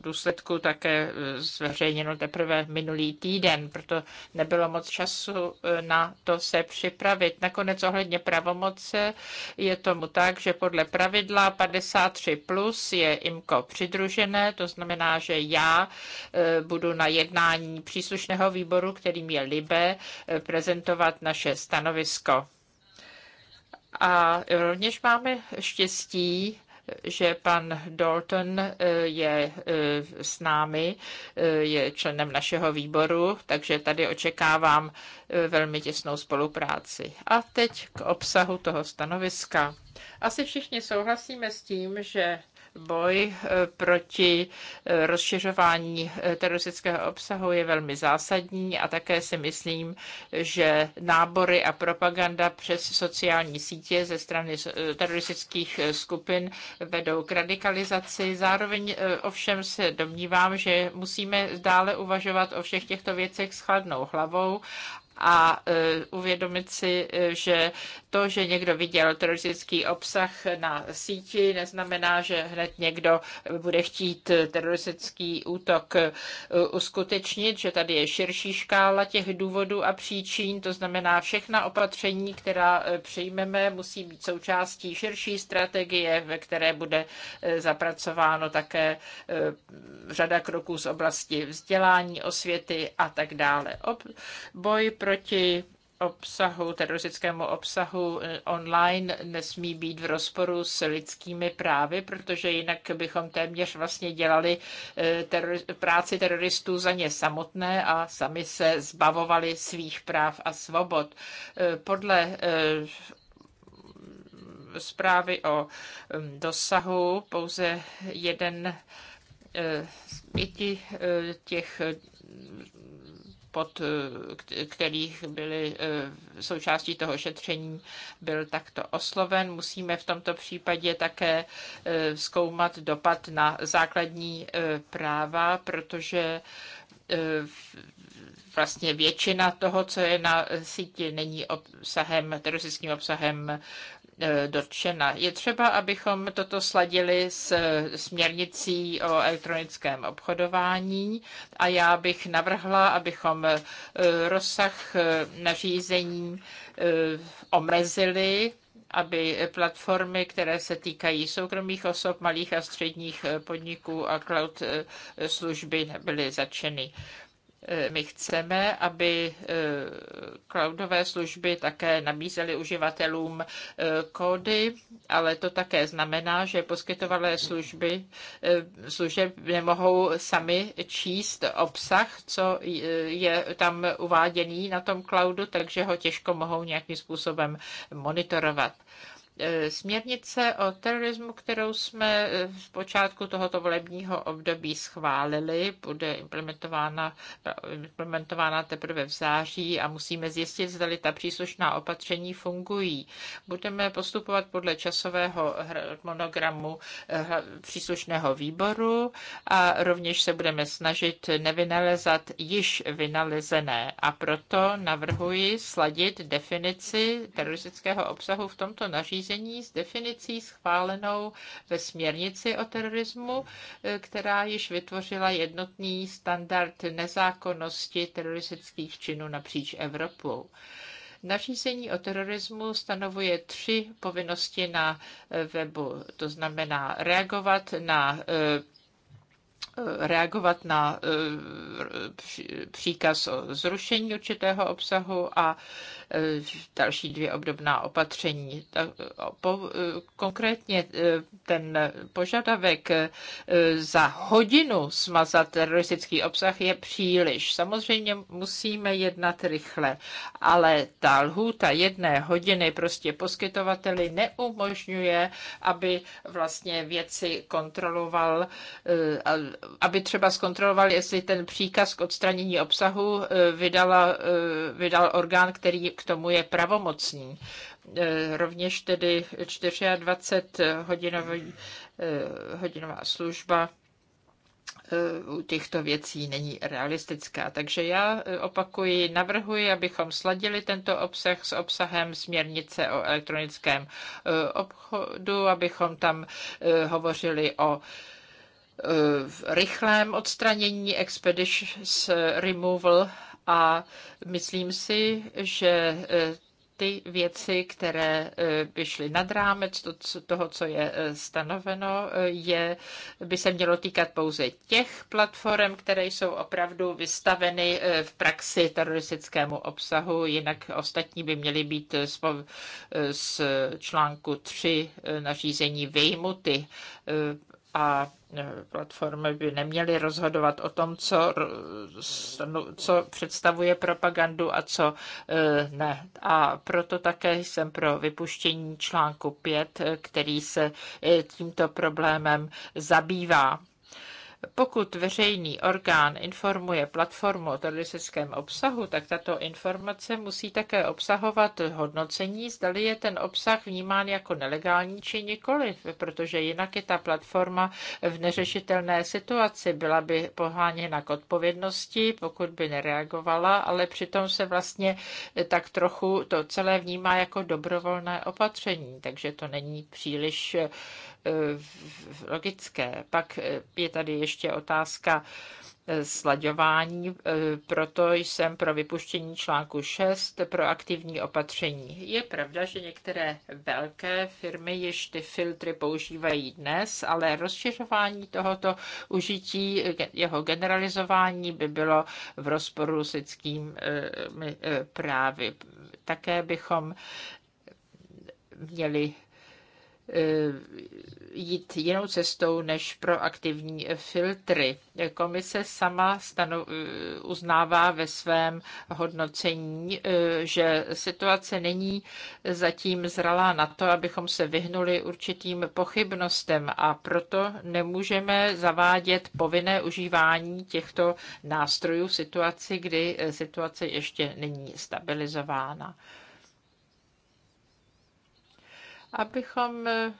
důsledku také eh, zveřejněno teprve minulý týden, proto nebylo moc času eh, na to se připravit. Nakonec ohledně pravomoce je tomu tak, že podle pravidla 53 plus je IMCO přidružené, to znamená, že já budu na jednání příslušného výboru, kterým je Libe, eh, prezentovat naše stanovisko. A rovněž máme štěstí, že pan Dalton eh, je eh, s námi, je členem našeho výboru, takže tady očekávám velmi těsnou spolupráci. A teď k obsahu toho stanoviska. Asi všichni souhlasíme s tím, že Boj eh, proti eh, rozšiřování eh, teroristického obsahu je velmi zásadní a také si myslím, že nábory a propaganda přes sociální sítě ze strany teroristických skupin vedou k radikalizaci. Zároveň ovšem se domnívám, že musíme dále uvažovat o všech těchto věcech s chladnou hlavou a e, uvědomit si, e, že to, že někdo viděl teroristický obsah na síti, neznamená, že hned někdo bude chtít teroristický útok e, uskutečnit, že tady je širší škála těch důvodů a příčin, to znamená všechna opatření, která přijmeme, musí být součástí širší strategie, ve které bude zapracováno také řada kroků z oblasti vzdělání, osvěty a tak dále. Boj proti obsahu, teroristickému obsahu eh, online nesmí být v rozporu s lidskými právy, protože jinak bychom téměř vlastně dělali eh, teror- práci teroristů za ně samotné a sami se zbavovali svých práv a svobod. Eh, podle zprávy o hm, dosahu pouze jeden z pěti těch pod eh, kterých byly eh, součástí toho šetření, byl takto osloven. Musíme v tomto případě také eh, zkoumat dopad na základní práva, protože vlastně většina toho, co je na síti, není obsahem, teroristickým obsahem E, dotčena. Je třeba, abychom toto sladili s směrnicí o elektronickém obchodování a já bych navrhla, abychom e, rozsah e, nařízení omezili aby platformy, které se týkají soukromých osob, malých a středních podniků a cloud služby byly začeny. My chceme, aby e, cloudové služby také nabízely uživatelům e, kódy, ale to také znamená, že poskytovalé služby e, služeb nemohou sami číst obsah, co je tam uváděný na tom cloudu, takže ho těžko mohou nějakým způsobem monitorovat. E, směrnice o terorismu, kterou jsme e, v počátku tohoto volebního období schválili, bude implementována, implementována teprve v září a musíme zjistit, zda ta příslušná opatření fungují. Budeme postupovat podle časového monogramu e, příslušného výboru a rovněž se budeme snažit nevynalezat již vynalezené. A proto navrhuji sladit definici teroristického obsahu v tomto nařízení nařízení s definicí schválenou ve směrnici o terorismu, eh, která již vytvořila jednotný standard nezákonnosti teroristických činů napříč Evropou. Nařízení o terorismu stanovuje tři povinnosti na eh, webu, to znamená reagovat na eh, reagovat na příkaz o zrušení určitého obsahu a další dvě obdobná opatření. Konkrétně eh, ten požadavek eh, za hodinu smazat teroristický obsah je příliš. Samozřejmě musíme jednat rychle, ale ta lhůta jedné hodiny prostě poskytovateli neumožňuje, aby vlastně věci kontroloval, eh, aby třeba zkontroloval, jestli ten příkaz k odstranění obsahu vydala, vydal orgán, který k tomu je pravomocný. E, rovněž tedy 24 e, hodinová služba e, u těchto věcí není realistická. Takže já opakuji, navrhuji, abychom sladili tento obsah s obsahem směrnice o elektronickém obchodu, abychom tam hovořili o v rychlém odstranění expedition removal a myslím si, že e, ty věci, které e, by šly nad rámec toho, co je e, stanoveno, je, by se mělo týkat pouze těch platform, které jsou opravdu vystaveny v praxi teroristickému obsahu, jinak ostatní by měly být z, článku 3 nařízení vyjmuty a e, platformy by neměly rozhodovat o tom, co, co představuje propagandu a co e, ne. A proto také jsem pro vypuštění článku 5, e, který se tímto problémem zabývá. Pokud veřejný orgán informuje platformu o teroristickém obsahu, tak tato informace musí také obsahovat hodnocení, zda je ten obsah vnímán jako nelegální či nikoliv, protože jinak je ta platforma v neřešitelné situaci. Byla by poháněna k odpovědnosti, pokud by nereagovala, ale přitom se vlastně tak trochu to celé vnímá jako dobrovolné opatření, takže to není příliš logické. Pak je tady ještě otázka eh, slaďování, eh, proto jsem pro vypuštění článku 6 pro aktivní opatření. Je pravda, že některé velké firmy již ty filtry používají dnes, ale rozšiřování tohoto užití, jeho generalizování by bylo v rozporu s lidskými eh, právy. Také bychom měli Eh, jít jinou cestou než proaktivní filtry. Komise sama stanu, eh, uznává ve svém hodnocení, eh, že situace není zatím zralá na to, abychom se vyhnuli určitým pochybnostem a proto nemůžeme zavádět povinné užívání těchto nástrojů v situaci, kdy situace ještě není stabilizována abychom eh,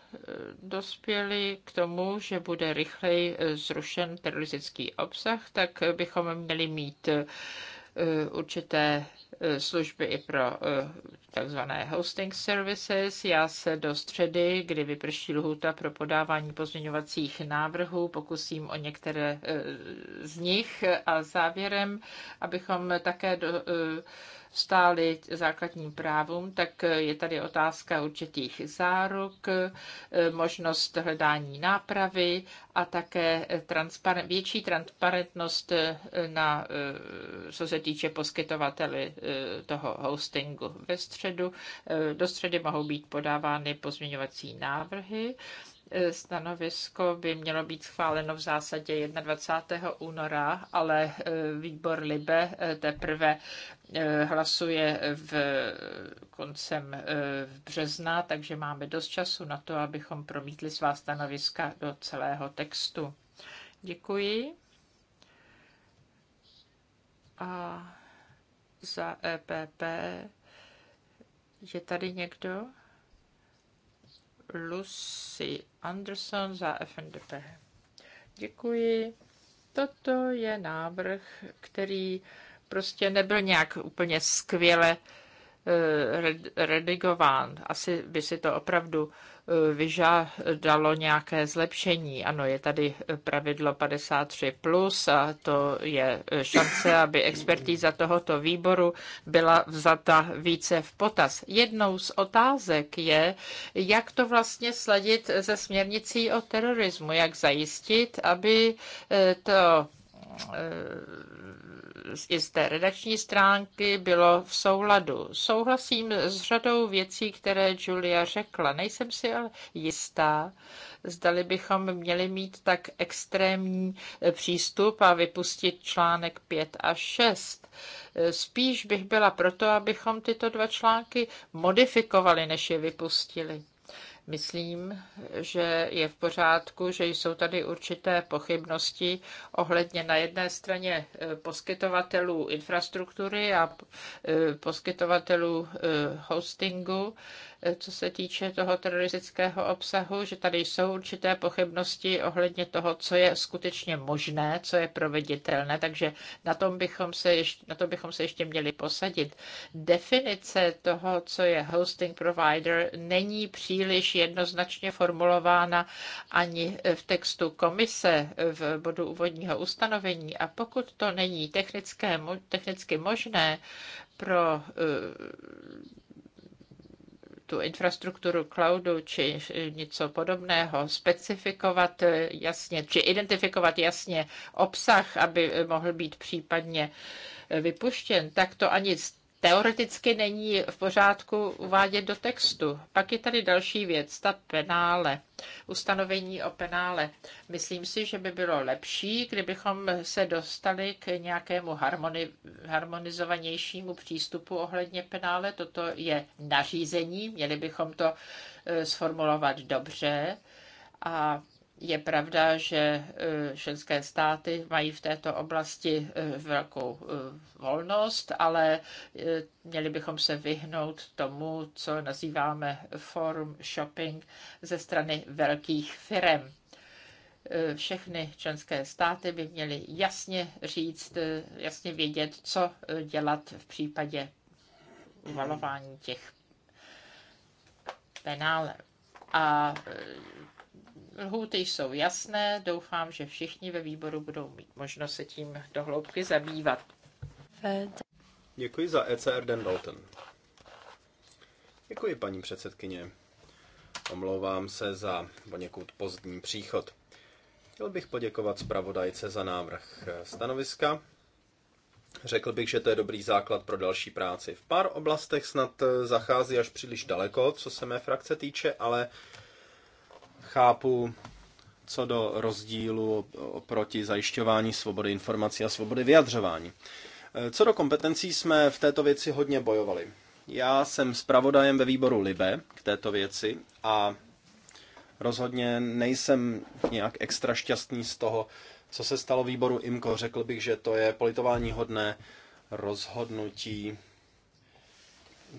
dospěli k tomu, že bude rychleji eh, zrušen teroristický obsah, tak eh, bychom měli mít určité služby i pro takzvané hosting services. Já se do středy, kdy vyprší lhůta pro podávání pozměňovacích návrhů, pokusím o některé z nich a závěrem, abychom také do, stály základním právům, tak je tady otázka určitých záruk, možnost hledání nápravy a také transparent, větší transparentnost na, eh, co se týče poskytovateli eh, toho hostingu. Ve středu, eh, do středy mohou být podávány pozměňovací návrhy Stanovisko by mělo být schváleno v zásadě 21. února, ale eh, výbor Libe eh, teprve eh, hlasuje v koncem března, takže máme dost času na to, abychom promítli svá stanoviska do celého textu. Děkuji. A za EPP je tady někdo? Lucy Anderson za FNDP. Děkuji. Toto je návrh, který prostě nebyl nějak úplně skvěle eh, redigován. Asi by si to opravdu vyžádalo nějaké zlepšení. Ano, je tady pravidlo 53+, plus a to je šance, aby expertíza tohoto výboru byla vzata více v potaz. Jednou z otázek je, jak to vlastně sladit ze směrnicí o terorismu, jak zajistit, aby eh, to eh, i z té redakční stránky bylo v souladu. Souhlasím s řadou věcí, které Julia řekla. Nejsem si ale jistá, zdali bychom měli mít tak extrémní přístup a vypustit článek 5 a 6. Spíš bych byla proto, abychom tyto dva články modifikovali, než je vypustili. Myslím, že je v pořádku, že jsou tady určité pochybnosti ohledně na jedné straně eh, poskytovatelů infrastruktury a eh, poskytovatelů eh, hostingu co se týče toho teroristického obsahu, že tady jsou určité pochybnosti ohledně toho, co je skutečně možné, co je proveditelné, takže na, tom bychom se ještě, na to bychom se ještě měli posadit. Definice toho, co je hosting provider, není příliš jednoznačně formulována ani v textu komise v bodu úvodního ustanovení a pokud to není technické, technicky možné pro eh, tu infrastrukturu cloudu či něco podobného, specifikovat jasně, či identifikovat jasně obsah, aby mohl být případně vypuštěn, tak to ani teoreticky není v pořádku uvádět do textu. Pak je tady další věc, ta penále, ustanovení o penále. Myslím si, že by bylo lepší, kdybychom se dostali k nějakému harmoni, harmonizovanějšímu přístupu ohledně penále. Toto je nařízení, měli bychom to eh, sformulovat dobře. A je pravda, že eh, členské státy mají v této oblasti eh, velkou eh, volnost, ale měli bychom se vyhnout tomu, co nazýváme forum shopping ze strany velkých firm všechny členské státy by měly jasně říct, jasně vědět, co dělat v případě uvalování těch penále. A Lhůty jsou jasné, doufám, že všichni ve výboru budou mít možnost se tím dohloubky zabývat. Děkuji za ECR Den Dalton. Děkuji, paní předsedkyně. Omlouvám se za poněkud pozdní příchod. Chtěl bych poděkovat zpravodajce za návrh stanoviska. Řekl bych, že to je dobrý základ pro další práci. V pár oblastech snad zachází až příliš daleko, co se mé frakce týče, ale chápu co do rozdílu oproti zajišťování svobody informací a svobody vyjadřování. Eh, co do kompetencí jsme v této věci hodně bojovali. Já jsem zpravodajem ve výboru Libe k této věci a rozhodně nejsem nějak extra šťastný z toho, co se stalo výboru IMKO. Řekl bych, že to je politování hodné rozhodnutí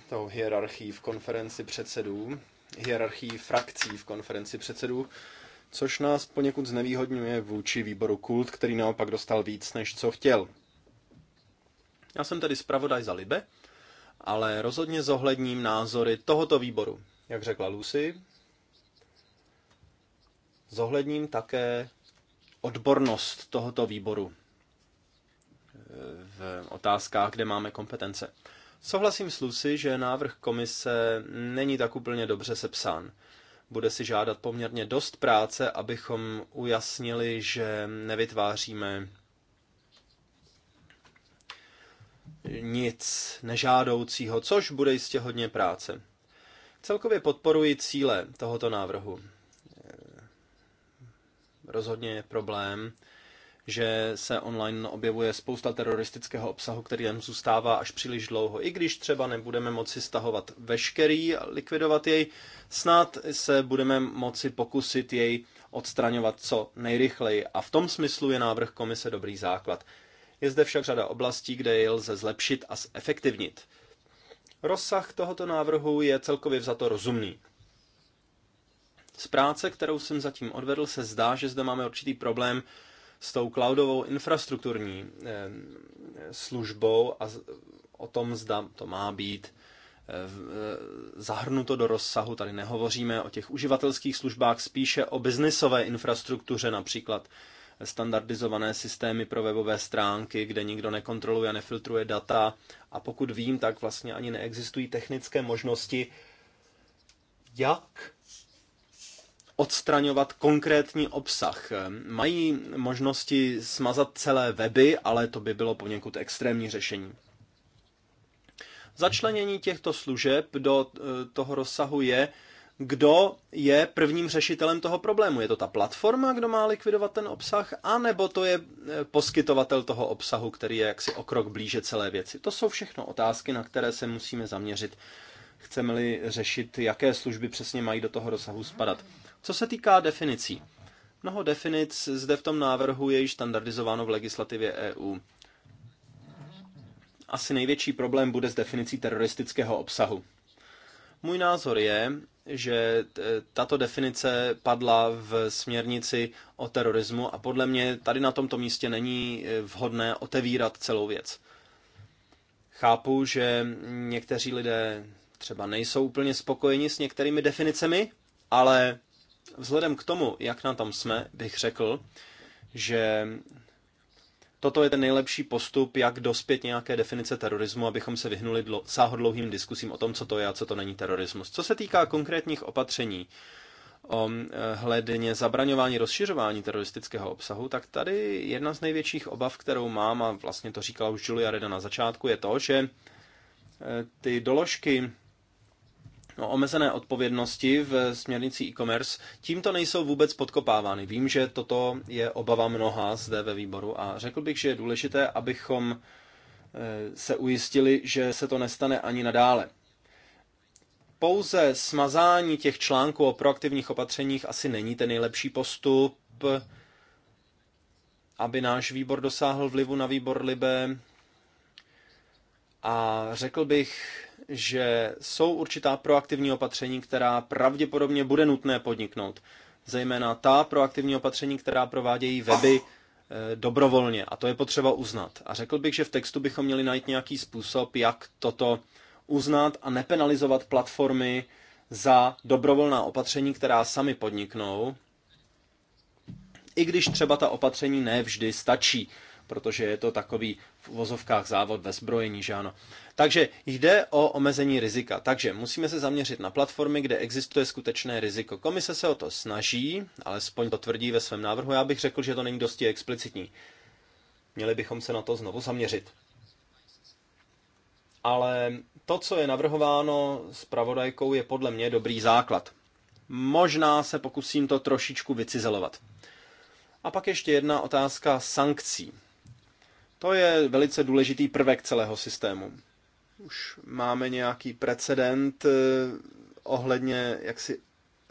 tou hierarchií v konferenci předsedů hierarchii frakcí v konferenci předsedů, což nás poněkud znevýhodňuje vůči výboru Kult, který naopak dostal víc, než co chtěl. Já jsem tedy zpravodaj za Libe, ale rozhodně zohledním názory tohoto výboru. Jak řekla Lucy, zohledním také odbornost tohoto výboru eh, v otázkách, kde máme kompetence. Souhlasím s Lucy, že návrh komise není tak úplně dobře sepsán. Bude si žádat poměrně dost práce, abychom ujasnili, že nevytváříme nic nežádoucího, což bude jistě hodně práce. Celkově podporuji cíle tohoto návrhu. Rozhodně je problém, že se online objevuje spousta teroristického obsahu, který jen zůstává až příliš dlouho. I když třeba nebudeme moci stahovat veškerý a likvidovat jej, snad se budeme moci pokusit jej odstraňovat co nejrychleji. A v tom smyslu je návrh komise dobrý základ. Je zde však řada oblastí, kde je lze zlepšit a zefektivnit. Rozsah tohoto návrhu je celkově vzato rozumný. Z práce, kterou jsem zatím odvedl, se zdá, že zde máme určitý problém s tou cloudovou infrastrukturní eh, službou a o tom, zda to má být eh, eh, zahrnuto do rozsahu. Tady nehovoříme o těch uživatelských službách, spíše o biznisové infrastruktuře, například standardizované systémy pro webové stránky, kde nikdo nekontroluje a nefiltruje data. A pokud vím, tak vlastně ani neexistují technické možnosti, jak odstraňovat konkrétní obsah. Mají možnosti smazat celé weby, ale to by bylo poněkud extrémní řešení. Začlenění těchto služeb do eh, toho rozsahu je, kdo je prvním řešitelem toho problému. Je to ta platforma, kdo má likvidovat ten obsah, anebo to je eh, poskytovatel toho obsahu, který je jaksi o krok blíže celé věci. To jsou všechno otázky, na které se musíme zaměřit, chceme-li řešit, jaké služby přesně mají do toho rozsahu spadat. Co se týká definicí, mnoho definic zde v tom návrhu je již standardizováno v legislativě EU. Asi největší problém bude s definicí teroristického obsahu. Můj názor je, že tato definice padla v směrnici o terorismu a podle mě tady na tomto místě není e, vhodné otevírat celou věc. Chápu, že někteří lidé třeba nejsou úplně spokojeni s některými definicemi, ale Vzhledem k tomu, jak na tom jsme, bych řekl, že toto je ten nejlepší postup, jak dospět nějaké definice terorismu, abychom se vyhnuli dlo- sáhodlouhým diskusím o tom, co to je a co to není terorismus. Co se týká konkrétních opatření o um, hledně zabraňování rozšiřování teroristického obsahu, tak tady jedna z největších obav, kterou mám, a vlastně to říkala už Julia Reda na začátku, je to, že eh, ty doložky No, omezené odpovědnosti v směrnici e-commerce, tímto nejsou vůbec podkopávány. Vím, že toto je obava mnoha zde ve výboru a řekl bych, že je důležité, abychom eh, se ujistili, že se to nestane ani nadále. Pouze smazání těch článků o proaktivních opatřeních asi není ten nejlepší postup, aby náš výbor dosáhl vlivu na výbor Libe. A řekl bych, že jsou určitá proaktivní opatření, která pravděpodobně bude nutné podniknout. Zejména ta proaktivní opatření, která provádějí weby eh, dobrovolně. A to je potřeba uznat. A řekl bych, že v textu bychom měli najít nějaký způsob, jak toto uznat a nepenalizovat platformy za dobrovolná opatření, která sami podniknou, i když třeba ta opatření nevždy stačí protože je to takový v vozovkách závod ve zbrojení, že ano. Takže jde o omezení rizika. Takže musíme se zaměřit na platformy, kde existuje skutečné riziko. Komise se o to snaží, alespoň to tvrdí ve svém návrhu. Já bych řekl, že to není dosti explicitní. Měli bychom se na to znovu zaměřit. Ale to, co je navrhováno s pravodajkou, je podle mě dobrý základ. Možná se pokusím to trošičku vycizelovat. A pak ještě jedna otázka sankcí. To je velice důležitý prvek celého systému. Už máme nějaký precedent eh, ohledně jaksi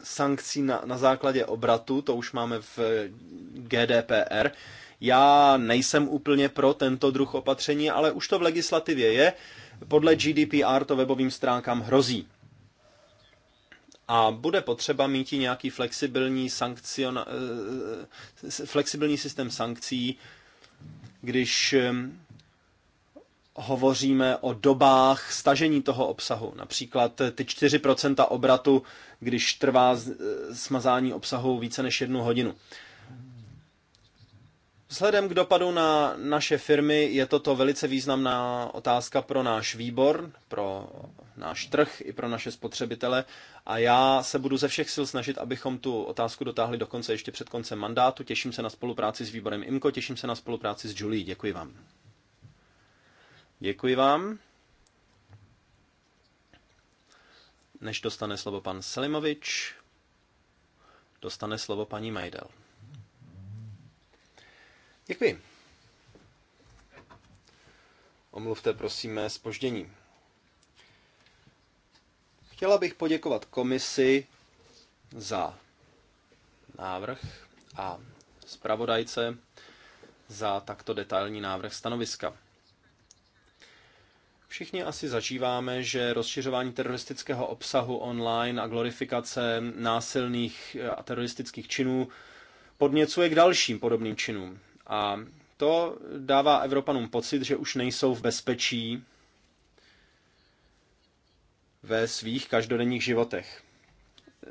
sankcí na, na základě obratu, to už máme v eh, GDPR. Já nejsem úplně pro tento druh opatření, ale už to v legislativě je. Podle GDPR to webovým stránkám hrozí. A bude potřeba mít i nějaký flexibilní, sankcion, eh, flexibilní systém sankcí, když hovoříme o dobách stažení toho obsahu. Například eh, ty 4% obratu, když trvá eh, smazání obsahu více než jednu hodinu. Vzhledem k dopadu na naše firmy je toto velice významná otázka pro náš výbor, pro náš trh i pro naše spotřebitele a já se budu ze všech sil snažit, abychom tu otázku dotáhli do konce ještě před koncem mandátu. Těším se na spolupráci s výborem IMKO, těším se na spolupráci s Julie. Děkuji vám. Děkuji vám. Než dostane slovo pan Selimovič, dostane slovo paní Majdel. Děkuji. Omluvte prosím mé spoždění. Chtěla bych poděkovat komisi za návrh a zpravodajce za takto detailní návrh stanoviska. Všichni asi zažíváme, že rozšiřování teroristického obsahu online a glorifikace násilných a teroristických činů podněcuje k dalším podobným činům. A to dává Evropanům pocit, že už nejsou v bezpečí ve svých každodenních životech.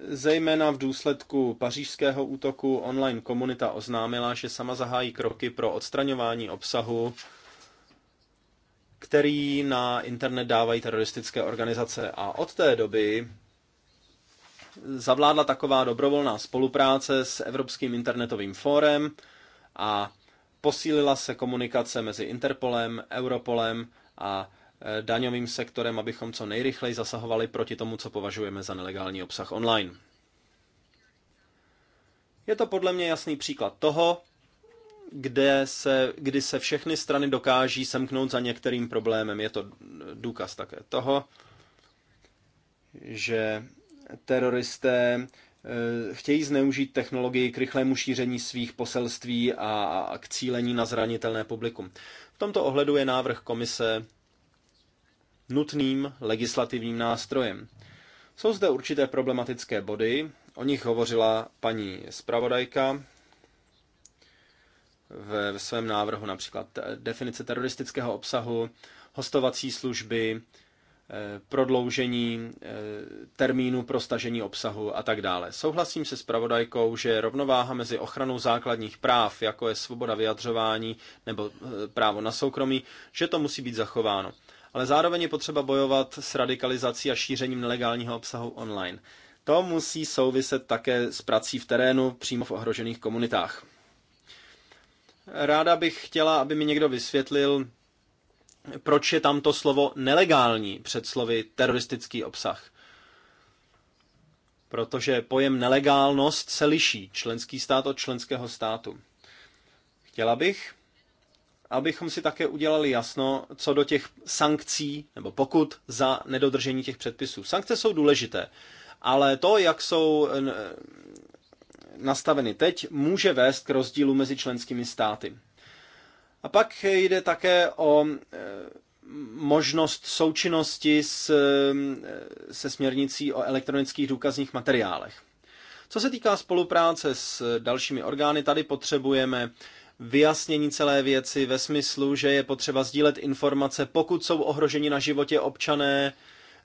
Zejména v důsledku pařížského útoku online komunita oznámila, že sama zahájí kroky pro odstraňování obsahu, který na internet dávají teroristické organizace. A od té doby zavládla taková dobrovolná spolupráce s Evropským internetovým fórem a Posílila se komunikace mezi Interpolem, Europolem a e, daňovým sektorem, abychom co nejrychleji zasahovali proti tomu, co považujeme za nelegální obsah online. Je to podle mě jasný příklad toho, kde se, kdy se všechny strany dokáží semknout za některým problémem. Je to důkaz také toho, že teroristé Eh, chtějí zneužít technologii k rychlému šíření svých poselství a k cílení na zranitelné publikum. V tomto ohledu je návrh komise nutným legislativním nástrojem. Jsou zde určité problematické body, o nich hovořila paní zpravodajka ve svém návrhu, například eh, definice teroristického obsahu, hostovací služby, Eh, prodloužení eh, termínu pro stažení obsahu a tak dále. Souhlasím se s pravodajkou, že rovnováha mezi ochranou základních práv, jako je svoboda vyjadřování nebo eh, právo na soukromí, že to musí být zachováno. Ale zároveň je potřeba bojovat s radikalizací a šířením nelegálního obsahu online. To musí souviset také s prací v terénu přímo v ohrožených komunitách. Ráda bych chtěla, aby mi někdo vysvětlil, proč je tam to slovo nelegální před slovy teroristický obsah. Protože pojem nelegálnost se liší členský stát od členského státu. Chtěla bych, abychom si také udělali jasno, co do těch sankcí nebo pokud za nedodržení těch předpisů. Sankce jsou důležité, ale to, jak jsou nastaveny teď, může vést k rozdílu mezi členskými státy. A pak jde také o eh, možnost součinnosti s, eh, se směrnicí o elektronických důkazních materiálech. Co se týká spolupráce s dalšími orgány, tady potřebujeme vyjasnění celé věci ve smyslu, že je potřeba sdílet informace, pokud jsou ohroženi na životě občané,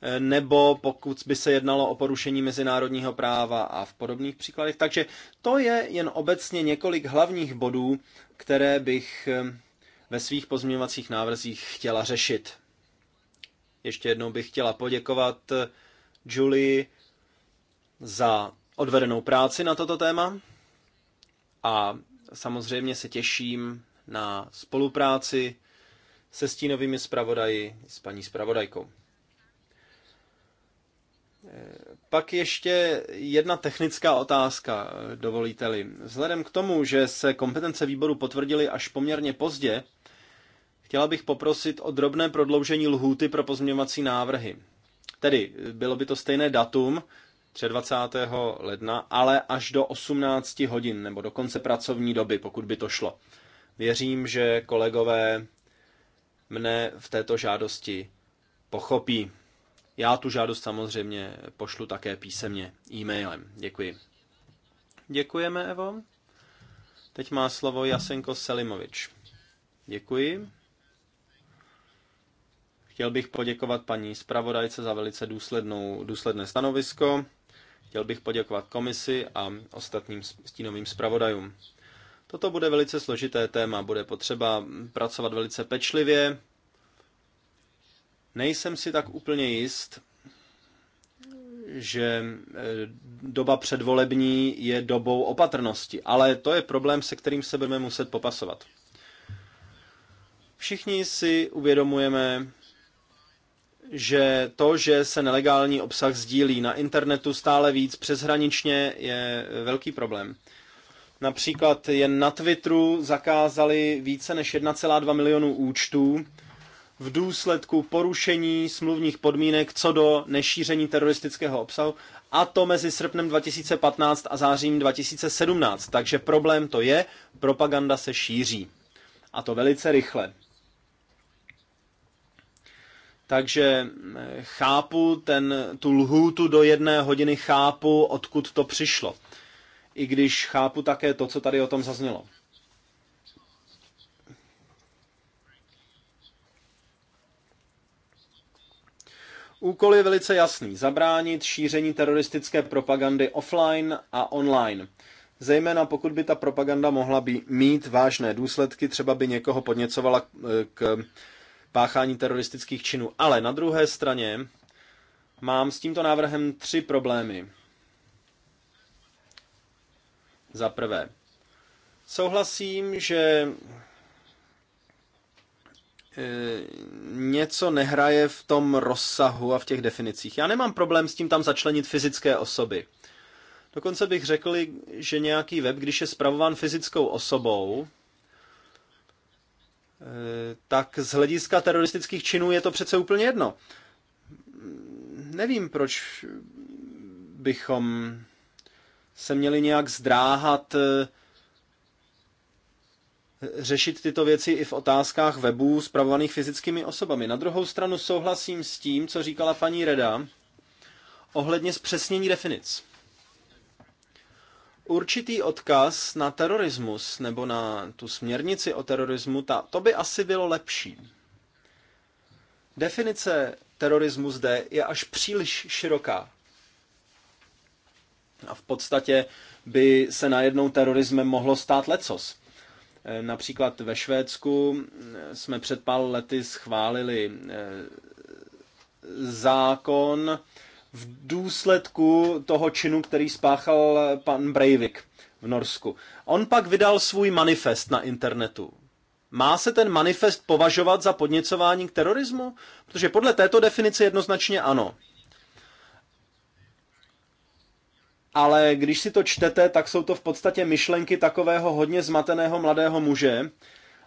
eh, nebo pokud by se jednalo o porušení mezinárodního práva a v podobných příkladech. Takže to je jen obecně několik hlavních bodů, které bych ve svých pozměňovacích návrzích chtěla řešit. Ještě jednou bych chtěla poděkovat eh, Julie za odvedenou práci na toto téma a samozřejmě se těším na spolupráci se stínovými zpravodaji s paní zpravodajkou. Eh, pak ještě jedna technická otázka, dovolíte-li. Vzhledem k tomu, že se kompetence výboru potvrdily až poměrně pozdě, Chtěla bych poprosit o drobné prodloužení lhůty pro pozměňovací návrhy. Tedy bylo by to stejné datum, 23. ledna, ale až do 18 hodin nebo do konce pracovní doby, pokud by to šlo. Věřím, že kolegové mne v této žádosti pochopí. Já tu žádost samozřejmě pošlu také písemně e-mailem. Děkuji. Děkujeme, Evo. Teď má slovo Jasenko Selimovič. Děkuji. Chtěl bych poděkovat paní zpravodajce za velice důslednou, důsledné stanovisko. Chtěl bych poděkovat komisi a ostatním stínovým zpravodajům. Toto bude velice složité téma, bude potřeba pracovat velice pečlivě. Nejsem si tak úplně jist, že e, doba předvolební je dobou opatrnosti, ale to je problém, se kterým se budeme muset popasovat. Všichni si uvědomujeme, že to, že se nelegální obsah sdílí na internetu stále víc přeshraničně, je velký problém. Například jen na Twitteru zakázali více než 1,2 milionu účtů v důsledku porušení smluvních podmínek co do nešíření teroristického obsahu, a to mezi srpnem 2015 a zářím 2017. Takže problém to je, propaganda se šíří. A to velice rychle. Takže eh, chápu ten, tu lhůtu do jedné hodiny, chápu, odkud to přišlo. I když chápu také to, co tady o tom zaznělo. Úkol je velice jasný. Zabránit šíření teroristické propagandy offline a online. Zejména pokud by ta propaganda mohla být, mít vážné důsledky, třeba by někoho podněcovala eh, k páchání teroristických činů. Ale na druhé straně mám s tímto návrhem tři problémy. Za prvé, souhlasím, že e, něco nehraje v tom rozsahu a v těch definicích. Já nemám problém s tím tam začlenit fyzické osoby. Dokonce bych řekl, že nějaký web, když je spravován fyzickou osobou, tak z hlediska teroristických činů je to přece úplně jedno. Nevím, proč bychom se měli nějak zdráhat eh, řešit tyto věci i v otázkách webů spravovaných fyzickými osobami. Na druhou stranu souhlasím s tím, co říkala paní Reda ohledně zpřesnění definic určitý odkaz na terorismus nebo na tu směrnici o terorismu, ta, to by asi bylo lepší. Definice terorismu zde je až příliš široká. A v podstatě by se najednou terorismem mohlo stát lecos. Eh, například ve Švédsku eh, jsme před pár lety schválili eh, zákon, v důsledku toho činu, který spáchal pan Breivik v Norsku. On pak vydal svůj manifest na internetu. Má se ten manifest považovat za podněcování k terorismu? Protože podle této definice jednoznačně ano. Ale když si to čtete, tak jsou to v podstatě myšlenky takového hodně zmateného mladého muže,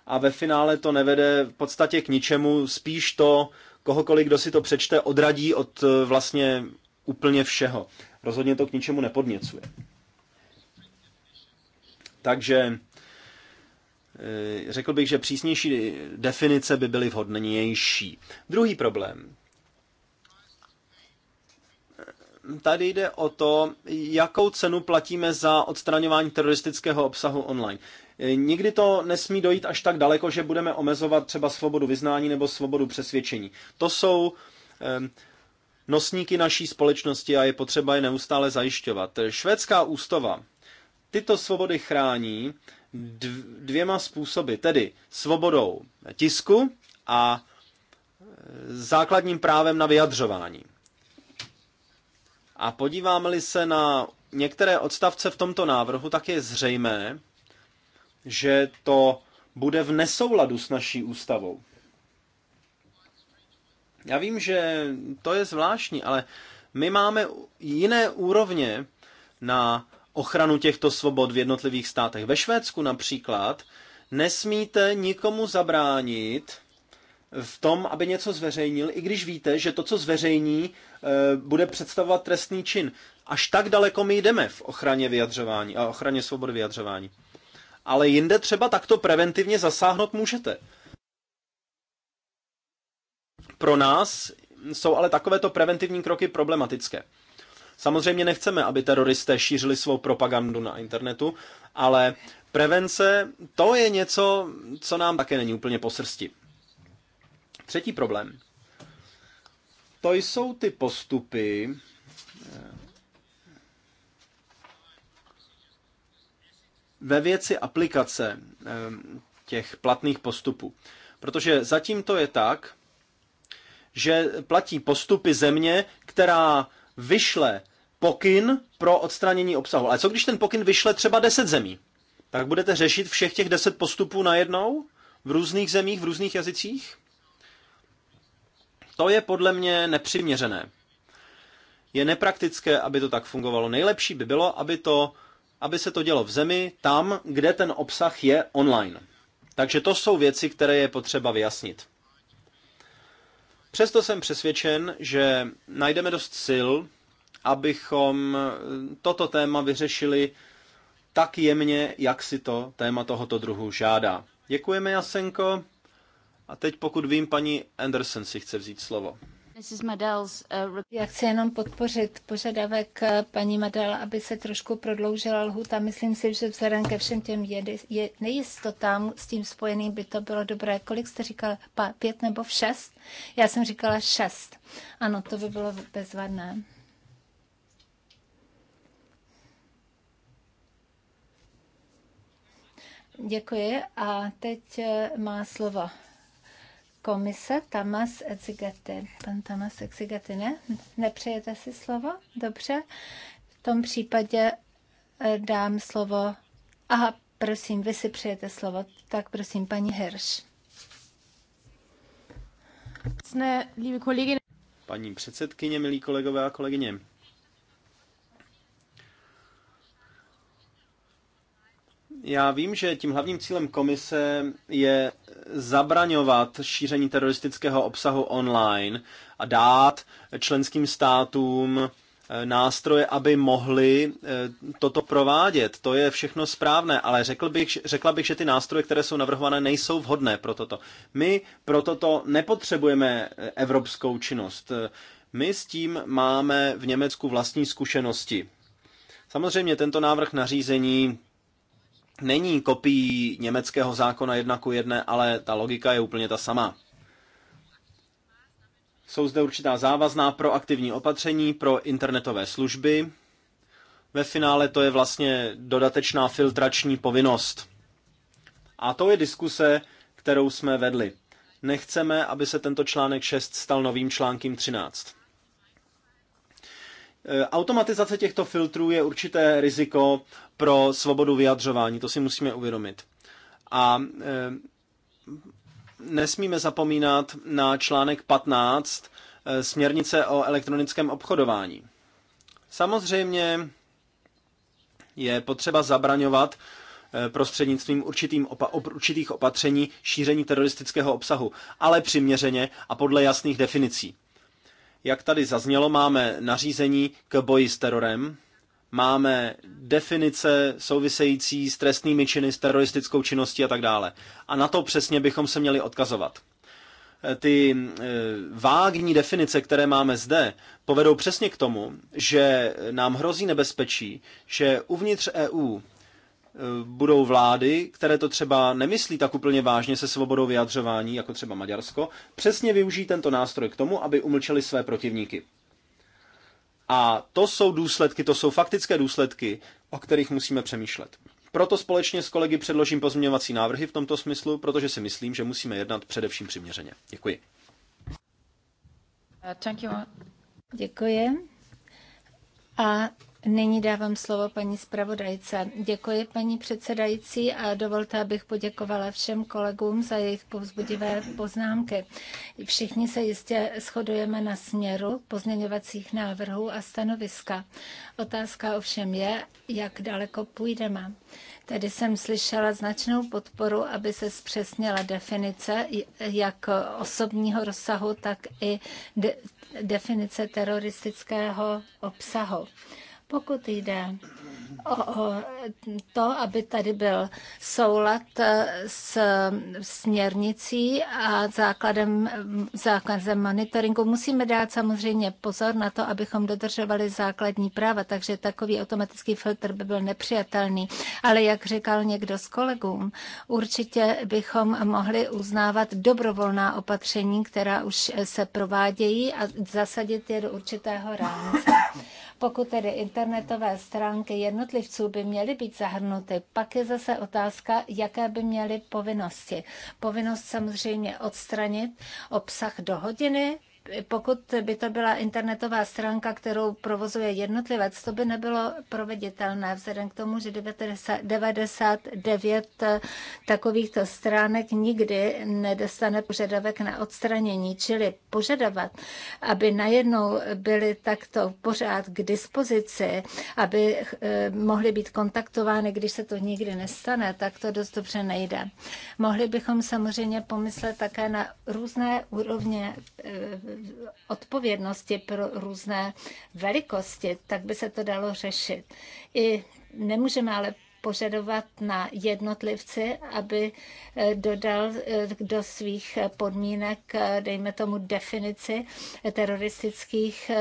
a ve finále to nevede v podstatě k ničemu, spíš to kohokoliv, kdo si to přečte, odradí od eh, vlastně úplně všeho. Rozhodně to k ničemu nepodněcuje. Takže eh, řekl bych, že přísnější definice by byly vhodnější. Druhý problém. Tady jde o to, jakou cenu platíme za odstraňování teroristického obsahu online. Nikdy to nesmí dojít až tak daleko, že budeme omezovat třeba svobodu vyznání nebo svobodu přesvědčení. To jsou nosníky naší společnosti a je potřeba je neustále zajišťovat. Švédská ústava tyto svobody chrání dvěma způsoby, tedy svobodou tisku a e, základním právem na vyjadřování. A podíváme-li se na některé odstavce v tomto návrhu, tak je zřejmé, že to bude v nesouladu s naší ústavou. Já vím, že to je zvláštní, ale my máme jiné úrovně na ochranu těchto svobod v jednotlivých státech. Ve Švédsku například nesmíte nikomu zabránit v tom, aby něco zveřejnil, i když víte, že to, co zveřejní, eh, bude představovat trestný čin. Až tak daleko my jdeme v ochraně vyjadřování a ochraně svobody vyjadřování ale jinde třeba takto preventivně zasáhnout můžete. Pro nás jsou ale takovéto preventivní kroky problematické. Samozřejmě nechceme, aby teroristé šířili svou propagandu na internetu, ale prevence to je něco, co nám také není úplně po srsti. Třetí problém. To jsou ty postupy, ve věci aplikace těch platných postupů. Protože zatím to je tak, že platí postupy země, která vyšle pokyn pro odstranění obsahu. Ale co když ten pokyn vyšle třeba 10 zemí? Tak budete řešit všech těch 10 postupů najednou? V různých zemích, v různých jazycích? To je podle mě nepřiměřené. Je nepraktické, aby to tak fungovalo. Nejlepší by bylo, aby to aby se to dělo v zemi, tam, kde ten obsah je online. Takže to jsou věci, které je potřeba vyjasnit. Přesto jsem přesvědčen, že najdeme dost sil, abychom toto téma vyřešili tak jemně, jak si to téma tohoto druhu žádá. Děkujeme, Jasenko. A teď, pokud vím, paní Anderson si chce vzít slovo. Eh, Já chci jenom podpořit požadavek eh, paní Madel, aby se trošku prodloužila lhuta. Myslím si, že vzhledem ke všem těm jedy, je, nejistotám s tím spojeným by to bylo dobré. Kolik jste říkala? Pět nebo šest? Já jsem říkala šest. Ano, to by bylo bezvadné. Děkuji a teď eh, má slovo komise Tamas Exigaty. Pan Tamas Exigaty, ne? Nepřejete si slovo? Dobře. V tom případě eh, dám slovo. Aha, prosím, vy si přejete slovo. Tak prosím, paní Hirsch. Paní předsedkyně, milí kolegové a kolegyně, Já vím, že tím hlavním cílem komise je zabraňovat šíření teroristického obsahu online a dát členským státům eh, nástroje, aby mohli eh, toto provádět. To je všechno správné, ale řekl bych, řekla bych, že ty nástroje, které jsou navrhované, nejsou vhodné pro toto. My pro toto nepotřebujeme eh, evropskou činnost. My s tím máme v Německu vlastní zkušenosti. Samozřejmě tento návrh nařízení není kopií německého zákona jedna ku jedné, ale ta logika je úplně ta samá. Jsou zde určitá závazná proaktivní opatření pro internetové služby. Ve finále to je vlastně dodatečná filtrační povinnost. A to je diskuse, kterou jsme vedli. Nechceme, aby se tento článek 6 stal novým článkem 13. E, automatizace těchto filtrů je určité riziko pro svobodu vyjadřování, to si musíme uvědomit. A e, nesmíme zapomínat na článek 15 e, směrnice o elektronickém obchodování. Samozřejmě je potřeba zabraňovat prostřednictvím určitým opa- určitých opatření šíření teroristického obsahu, ale přiměřeně a podle jasných definicí. Jak tady zaznělo, máme nařízení k boji s terorem, máme definice související s trestnými činy, s teroristickou činností a tak dále. A na to přesně bychom se měli odkazovat. E, ty e, vágní definice, které máme zde, povedou přesně k tomu, že nám hrozí nebezpečí, že uvnitř EU Eh, budou vlády, které to třeba nemyslí tak úplně vážně se svobodou vyjadřování, jako třeba Maďarsko, přesně využijí tento nástroj k tomu, aby umlčeli své protivníky. A to jsou důsledky, to jsou faktické důsledky, o kterých musíme přemýšlet. Proto společně s kolegy předložím pozměňovací návrhy v tomto smyslu, protože si myslím, že musíme jednat především přiměřeně. Děkuji. Uh, Děkuji. A Nyní dávám slovo paní zpravodajce. Děkuji, paní předsedající, a dovolte, abych poděkovala všem kolegům za jejich povzbudivé poznámky. Všichni se jistě shodujeme na směru pozměňovacích návrhů a stanoviska. Otázka ovšem je, jak daleko půjdeme. Tady jsem slyšela značnou podporu, aby se zpřesnila definice jak osobního rozsahu, tak i de- definice teroristického obsahu. Pokud jde o to, aby tady byl soulad eh, s směrnicí a základem, základem monitoringu. Musíme dát samozřejmě pozor na to, abychom dodržovali základní práva, takže takový automatický filtr by byl nepřijatelný. Ale jak říkal někdo z kolegů, určitě bychom mohli uznávat dobrovolná opatření, která už se provádějí a zasadit je do určitého rámce. Pokud tedy internetové stránky jednotlivců by měly být zahrnuty, pak je zase otázka, jaké by měly povinnosti. Povinnost samozřejmě odstranit obsah do hodiny, pokud by to byla internetová stránka, kterou provozuje jednotlivec, to by nebylo proveditelné, vzhledem k tomu, že 99 eh, takovýchto stránek nikdy nedostane požadavek na odstranění, čili požadovat, aby najednou byly takto pořád k dispozici, aby eh, mohly být kontaktovány, když se to nikdy nestane, tak to dost dobře nejde. Mohli bychom samozřejmě pomyslet také na různé úrovně eh, odpovědnosti pro různé velikosti, tak by se to dalo řešit. I nemůžeme ale požadovat na jednotlivci, aby eh, dodal eh, do svých podmínek, eh, dejme tomu, definici teroristických,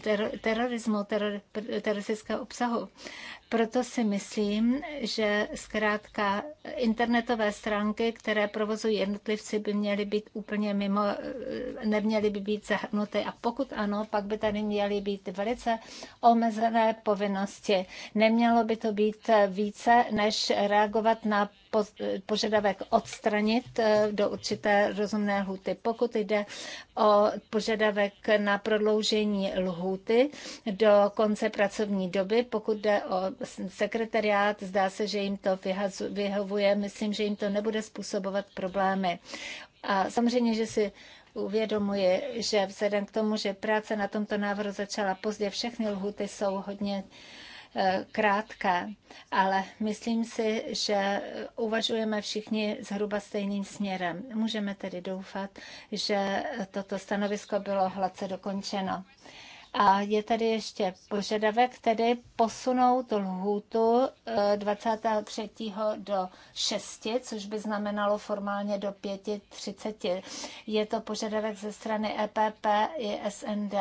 ter, terorismu, teror, teroristického obsahu. Proto si myslím, že zkrátka internetové stránky, které provozují jednotlivci, by měly být úplně mimo, eh, neměly by být zahrnuty. A pokud ano, pak by tady měly být velice omezené povinnosti. Nemělo by to být více, než reagovat na požadavek odstranit eh, do určité rozumné lhuty. Pokud jde o požadavek na prodloužení lhuty do konce pracovní doby, pokud jde o sekretariát, zdá se, že jim to vyhovuje. Myslím, že jim to nebude způsobovat problémy. A samozřejmě, že si uvědomuji, že vzhledem k tomu, že práce na tomto návrhu začala pozdě, všechny lhuty jsou hodně uh, krátké, ale myslím si, že uvažujeme všichni zhruba stejným směrem. Můžeme tedy doufat, že toto stanovisko bylo hladce dokončeno. A je tady ještě požadavek tedy posunout lhůtu 23. Eh, do 6, což by znamenalo formálně do 5.30. Je to požadavek ze strany EPP i SND.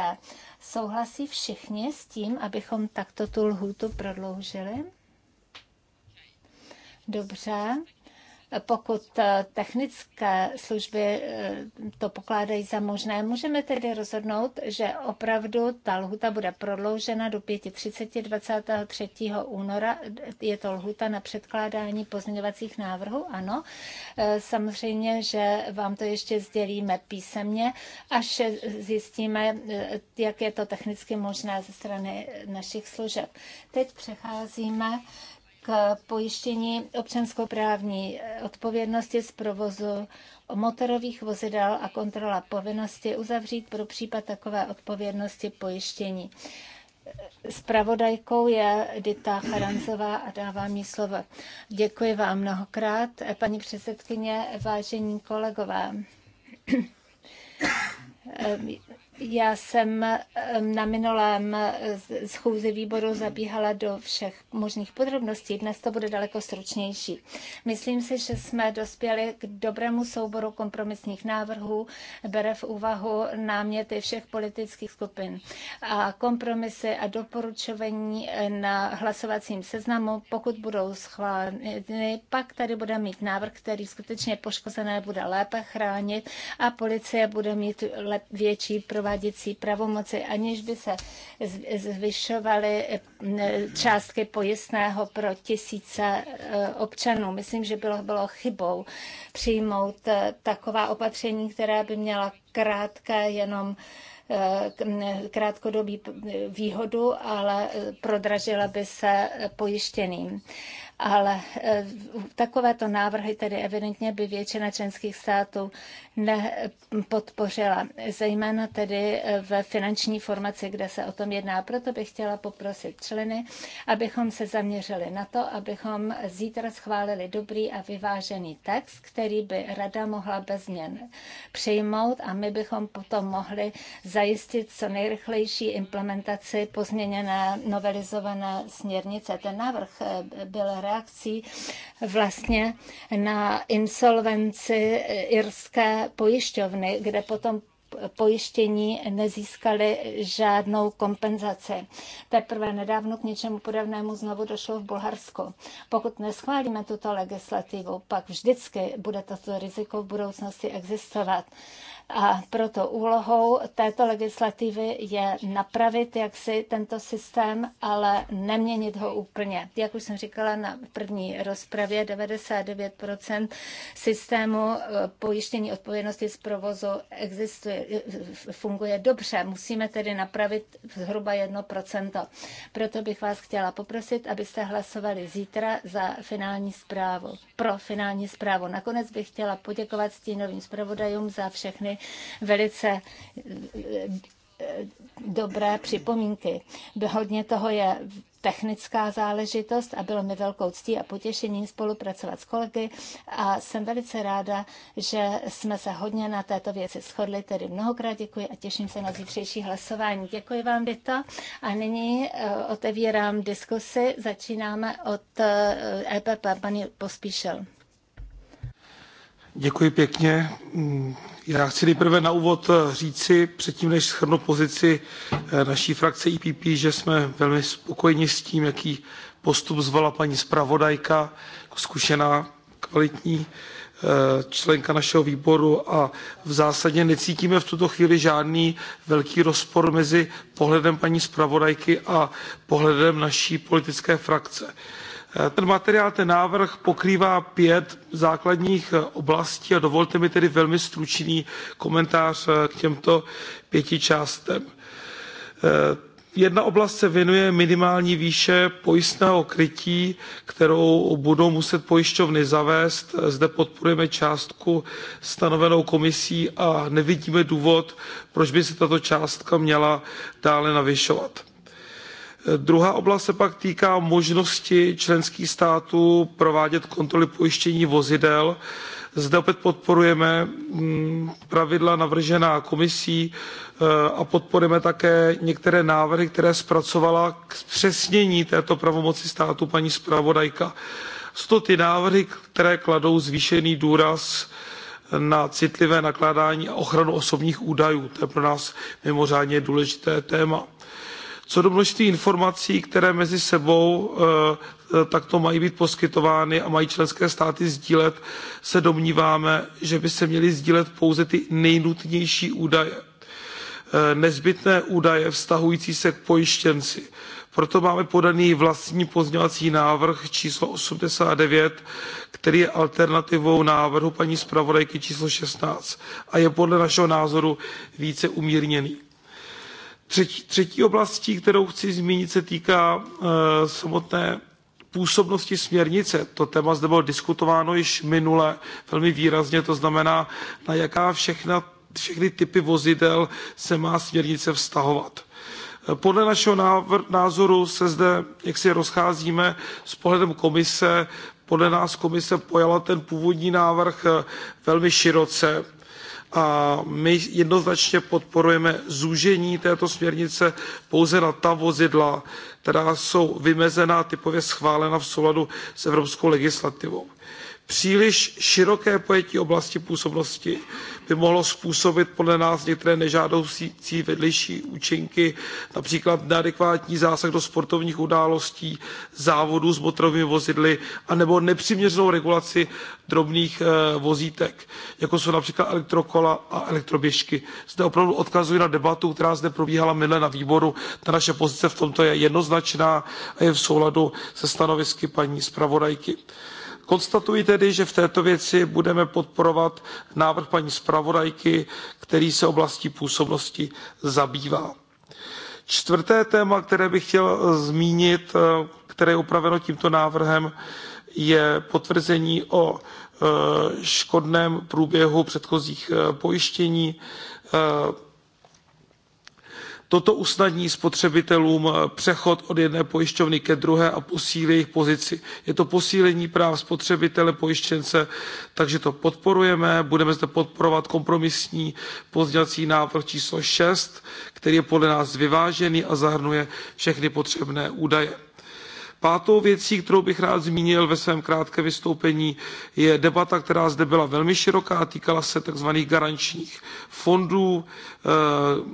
Souhlasí všichni s tím, abychom takto tu lhůtu prodloužili? Dobře, pokud eh, technické služby eh, to pokládají za možné, můžeme tedy rozhodnout, že opravdu ta lhuta bude prodloužena do 5.30 23. února. Je to lhuta na předkládání pozměňovacích návrhů, ano. Eh, samozřejmě, že vám to ještě sdělíme písemně, až zjistíme, jak je to technicky možné ze strany našich služeb. Teď přecházíme k pojištění občanskoprávní eh, odpovědnosti z provozu motorových vozidel a kontrola povinnosti uzavřít pro případ takové odpovědnosti pojištění. Spravodajkou je Dita Charanzová a dávám jí slovo. Děkuji vám mnohokrát, eh, paní předsedkyně, vážení kolegové. Eh, já jsem na minulém eh, schůzi výboru zabíhala do všech možných podrobností. Dnes to bude daleko stručnější. Myslím si, že jsme dospěli k dobrému souboru kompromisních návrhů, bere v úvahu náměty všech politických skupin a kompromisy a doporučování eh, na hlasovacím seznamu, pokud budou schváleny, pak tady bude mít návrh, který skutečně poškozené bude lépe chránit a policie bude mít větší pro prováděcí pravomoci, aniž by se zvyšovaly částky pojistného pro tisíce e, občanů. Myslím, že bylo, bylo chybou přijmout e, taková opatření, která by měla krátké jenom e, krátkodobý výhodu, ale prodražila by se pojištěným ale e, takovéto návrhy tedy evidentně by většina členských států nepodpořila, zejména tedy e, ve finanční formaci, kde se o tom jedná. Proto bych chtěla poprosit členy, abychom se zaměřili na to, abychom zítra schválili dobrý a vyvážený text, který by Rada mohla bez změn přijmout a my bychom potom mohli zajistit co nejrychlejší implementaci pozměněné novelizované směrnice. Ten návrh e, byl reakcí vlastně na insolvenci irské pojišťovny, kde potom pojištění nezískali žádnou kompenzaci. Teprve nedávno k něčemu podobnému znovu došlo v Bulharsku. Pokud neschválíme tuto legislativu, pak vždycky bude toto riziko v budoucnosti existovat. A proto úlohou této legislativy je napravit jaksi tento systém, ale neměnit ho úplně. Jak už jsem říkala na první rozpravě, 99% systému eh, pojištění odpovědnosti z provozu existuje, funguje dobře. Musíme tedy napravit zhruba 1%. Proto bych vás chtěla poprosit, abyste hlasovali zítra za finální zprávu. Pro finální zprávu. Nakonec bych chtěla poděkovat stínovým zpravodajům za všechny velice eh, dobré připomínky. Hodně toho je technická záležitost a bylo mi velkou ctí a potěšením spolupracovat s kolegy a jsem velice ráda, že jsme se hodně na této věci shodli, tedy mnohokrát děkuji a těším se na zítřejší hlasování. Děkuji vám, Dita. A nyní eh, otevírám diskusy. Začínáme od EPP, eh, e paní Pospíšel. Děkuji pěkně. Mm, já chci nejprve na úvod eh, říci, předtím než shrnu pozici eh, naší frakce ppe že jsme velmi spokojeni s tím, jaký postup zvolila paní zpravodajka, zkušená, kvalitní eh, členka našeho výboru a v zásadě necítíme v tuto chvíli žádný velký rozpor mezi pohledem paní zpravodajky a pohledem naší politické frakce Eh, ten materiál ten návrh pokrývá pět základních eh, oblastí a dovolte mi tedy velmi stručný komentář eh, k těmto pěti částem. Jedna oblast se věnuje minimální výše pojistného krytí, kterou budou muset pojišťovny zavést. Zde podporujeme částku stanovenou komisí a nevidíme důvod, proč by se tato částka měla dále navyšovat Eh, druhá oblast se pak týká možnosti členských států provádět kontroly pojištění vozidel zde opět podporujeme mm, pravidla navržená komisí eh, a podporujeme také některé návrhy které zpracovala k zpřesnění této pravomoci státu paní zpravodajka. jsou to ty návrhy které kladou zvýšený důraz na citlivé nakládání a ochranu osobních údajů to je pro nás mimořádně důležité téma co do množství informací které mezi sebou eh, eh, takto mají být poskytovány a mají členské státy sdílet se domníváme že by se měly sdílet pouze ty nejnutnější údaje eh, nezbytné údaje vztahující se k pojištěnci. proto máme podaný vlastní pozměňovací návrh číslo eighty nine který je alternativou návrhu paní zpravodajky číslo sixteen a je podle našeho názoru více umírněný Třetí, oblastí, kterou chci zmínit, se týká eh, samotné působnosti směrnice. To téma zde bylo diskutováno již minule velmi výrazně, to znamená, na jaká všechna, všechny typy vozidel se má směrnice vztahovat. Eh, podle našeho názoru se zde, jak si rozcházíme s pohledem komise, podle nás komise pojala ten původní návrh eh, velmi široce a my jednoznačně podporujeme zúžení této směrnice pouze na ta vozidla která jsou vymezena a typově schválena v souladu s evropskou legislativou. Příliš široké pojetí oblasti působnosti by mohlo způsobit podle nás některé nežádoucí vedlejší účinky, například neadekvátní zásah do sportovních událostí, závodů s motorovými vozidly, anebo nepřiměřenou regulaci drobných eh, vozítek, jako jsou například elektrokola a elektroběžky. Zde opravdu odkazuji na debatu, která zde probíhala minule na výboru. Ta naše pozice v tomto je jednoznačná a je v souladu se stanovisky paní zpravodajky konstatuji tedy že v této věci budeme podporovat návrh paní zpravodajky který se oblastí působnosti zabývá. čtvrté téma které bych chtěl zmínit eh, které je upraveno tímto návrhem je potvrzení o eh, škodném průběhu předchozích eh, pojištění toto usnadní spotřebitelům eh, přechod od jedné pojišťovny ke druhé a posílí jejich pozici. je to posílení práv spotřebitele pojištěnce takže to podporujeme budeme zde podporovat kompromisní pozměňovací návrh číslo six který je podle nás vyvážený a zahrnuje všechny potřebné údaje. Pátou věcí, kterou bych rád zmínil ve svém krátkém vystoupení, je debata, která zde byla velmi široká a týkala se tzv. garančních fondů. Eh,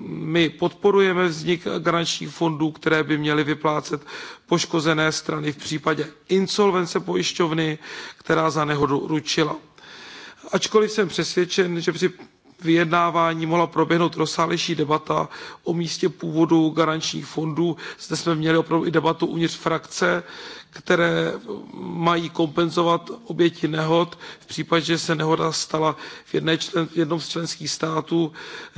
my podporujeme vznik garančních fondů, které by měly vyplácet poškozené strany v případě insolvence pojišťovny, která za nehodu ručila. Ačkoliv jsem přesvědčen, že při vyjednávání mohla proběhnout rozsáhlejší debata o místě původu garančních fondů zde jsme měli opravdu i debatu uvnitř frakce které mají kompenzovat oběti nehod v případě, že se nehoda stala v, jednom z členských států,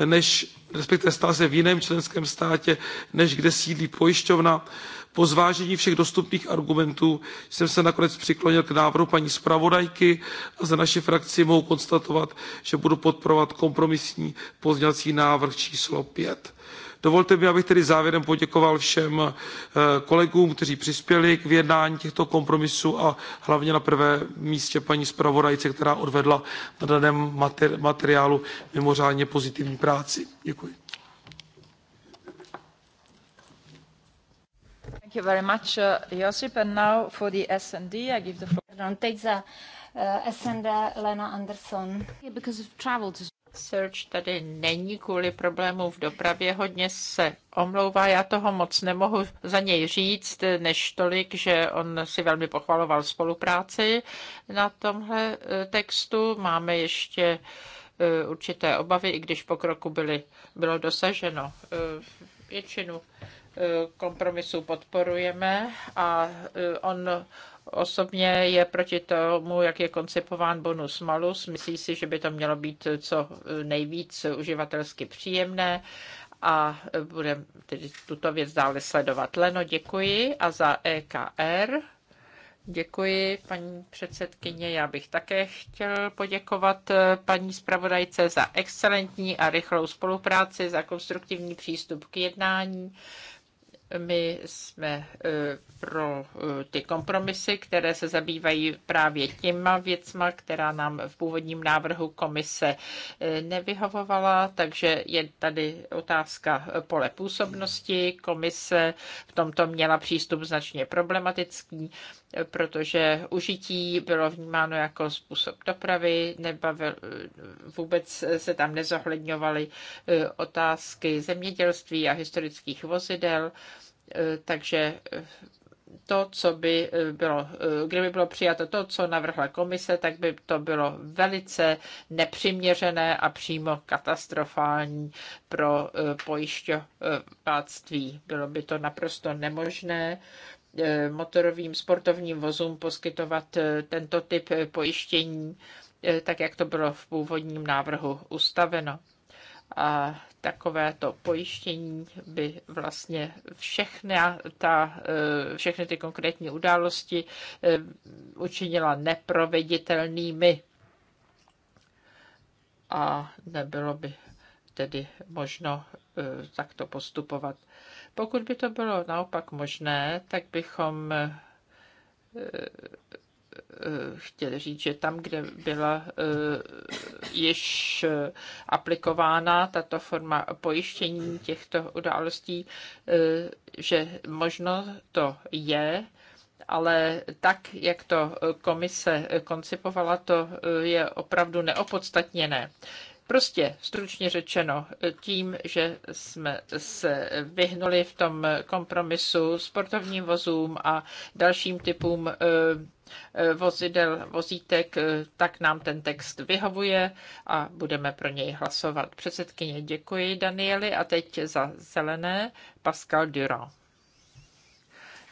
než, respektive stala se v jiném členském státě, než kde sídlí pojišťovna. Po zvážení všech dostupných argumentů jsem se nakonec přiklonil k návrhu paní zpravodajky a za naši frakci mohu konstatovat, že budu podporovat kompromisní pozměňovací návrh číslo five dovolte mi abych tedy závěrem poděkoval všem eh, kolegům kteří přispěli k vyjednání těchto kompromisů a hlavně na prvním místě paní zpravodajce která odvedla na daném materiálu mimořádně pozitivní práci. děkuji. Search tady není kvůli problémů v dopravě, hodně se omlouvá. Já toho moc nemohu za něj říct, než tolik, že on si velmi pochvaloval spolupráci na tomhle eh, textu. Máme ještě eh, určité obavy, i když pokroku byly, bylo dosaženo. Eh, většinu kompromisů podporujeme a on osobně je proti tomu, jak je koncipován bonus malus. Myslí si, že by to mělo být co nejvíc uživatelsky příjemné a budeme tedy tuto věc dále sledovat. Leno, děkuji a za EKR. Děkuji, paní předsedkyně. Já bych také chtěl poděkovat eh, paní zpravodajce za excelentní a rychlou spolupráci, za konstruktivní přístup k jednání. My jsme e, pro e, ty kompromisy, které se zabývají právě těma věcma, která nám v původním návrhu komise e, nevyhovovala, takže je tady otázka pole působnosti. Komise v tomto měla přístup značně problematický protože užití bylo vnímáno jako způsob dopravy, nebavil, vůbec se tam nezohledňovaly e, otázky zemědělství a historických vozidel, e, takže to, co by e, bylo, kdyby bylo přijato to, co navrhla komise, tak by to bylo velice nepřiměřené a přímo katastrofální pro pojišťováctví. Bylo by to naprosto nemožné Eh, motorovým sportovním vozům poskytovat eh, tento typ eh, pojištění, tak jak to bylo v původním návrhu ustaveno. A takovéto pojištění by vlastně všechny, ta, všechny ty konkrétní události učinila neproveditelnými a nebylo by tedy možno takto postupovat. Pokud by to bylo naopak možné, tak bychom eh, eh, chtěli říct, že tam, kde byla eh, již aplikována tato forma pojištění těchto událostí, že možno to je, ale tak, jak to komise koncipovala, to je opravdu neopodstatněné. Prostě stručně řečeno, tím, že jsme se vyhnuli v tom kompromisu sportovním vozům a dalším typům eh, eh, vozidel, vozítek, eh, tak nám ten text vyhovuje a budeme pro něj hlasovat. Předsedkyně, děkuji Danieli a teď za zelené Pascal Durand.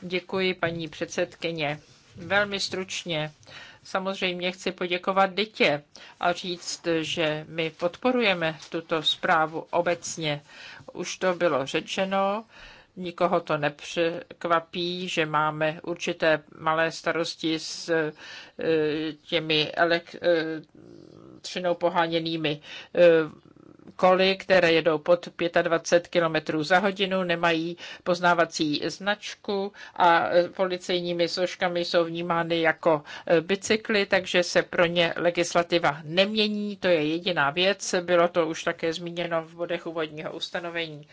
Děkuji, paní předsedkyně. Velmi stručně. Samozřejmě chci poděkovat Dytě a říct, že my podporujeme tuto zprávu obecně. Už to bylo řečeno, nikoho to nepřekvapí, že máme určité malé starosti s e, těmi elektřinou poháněnými e, koly, které jedou pod 25 km za hodinu, nemají poznávací značku a e, policejními složkami jsou vnímány jako e, bicykly, takže se pro ně legislativa nemění. To je jediná věc. Bylo to už také zmíněno v bodech úvodního ustanovení.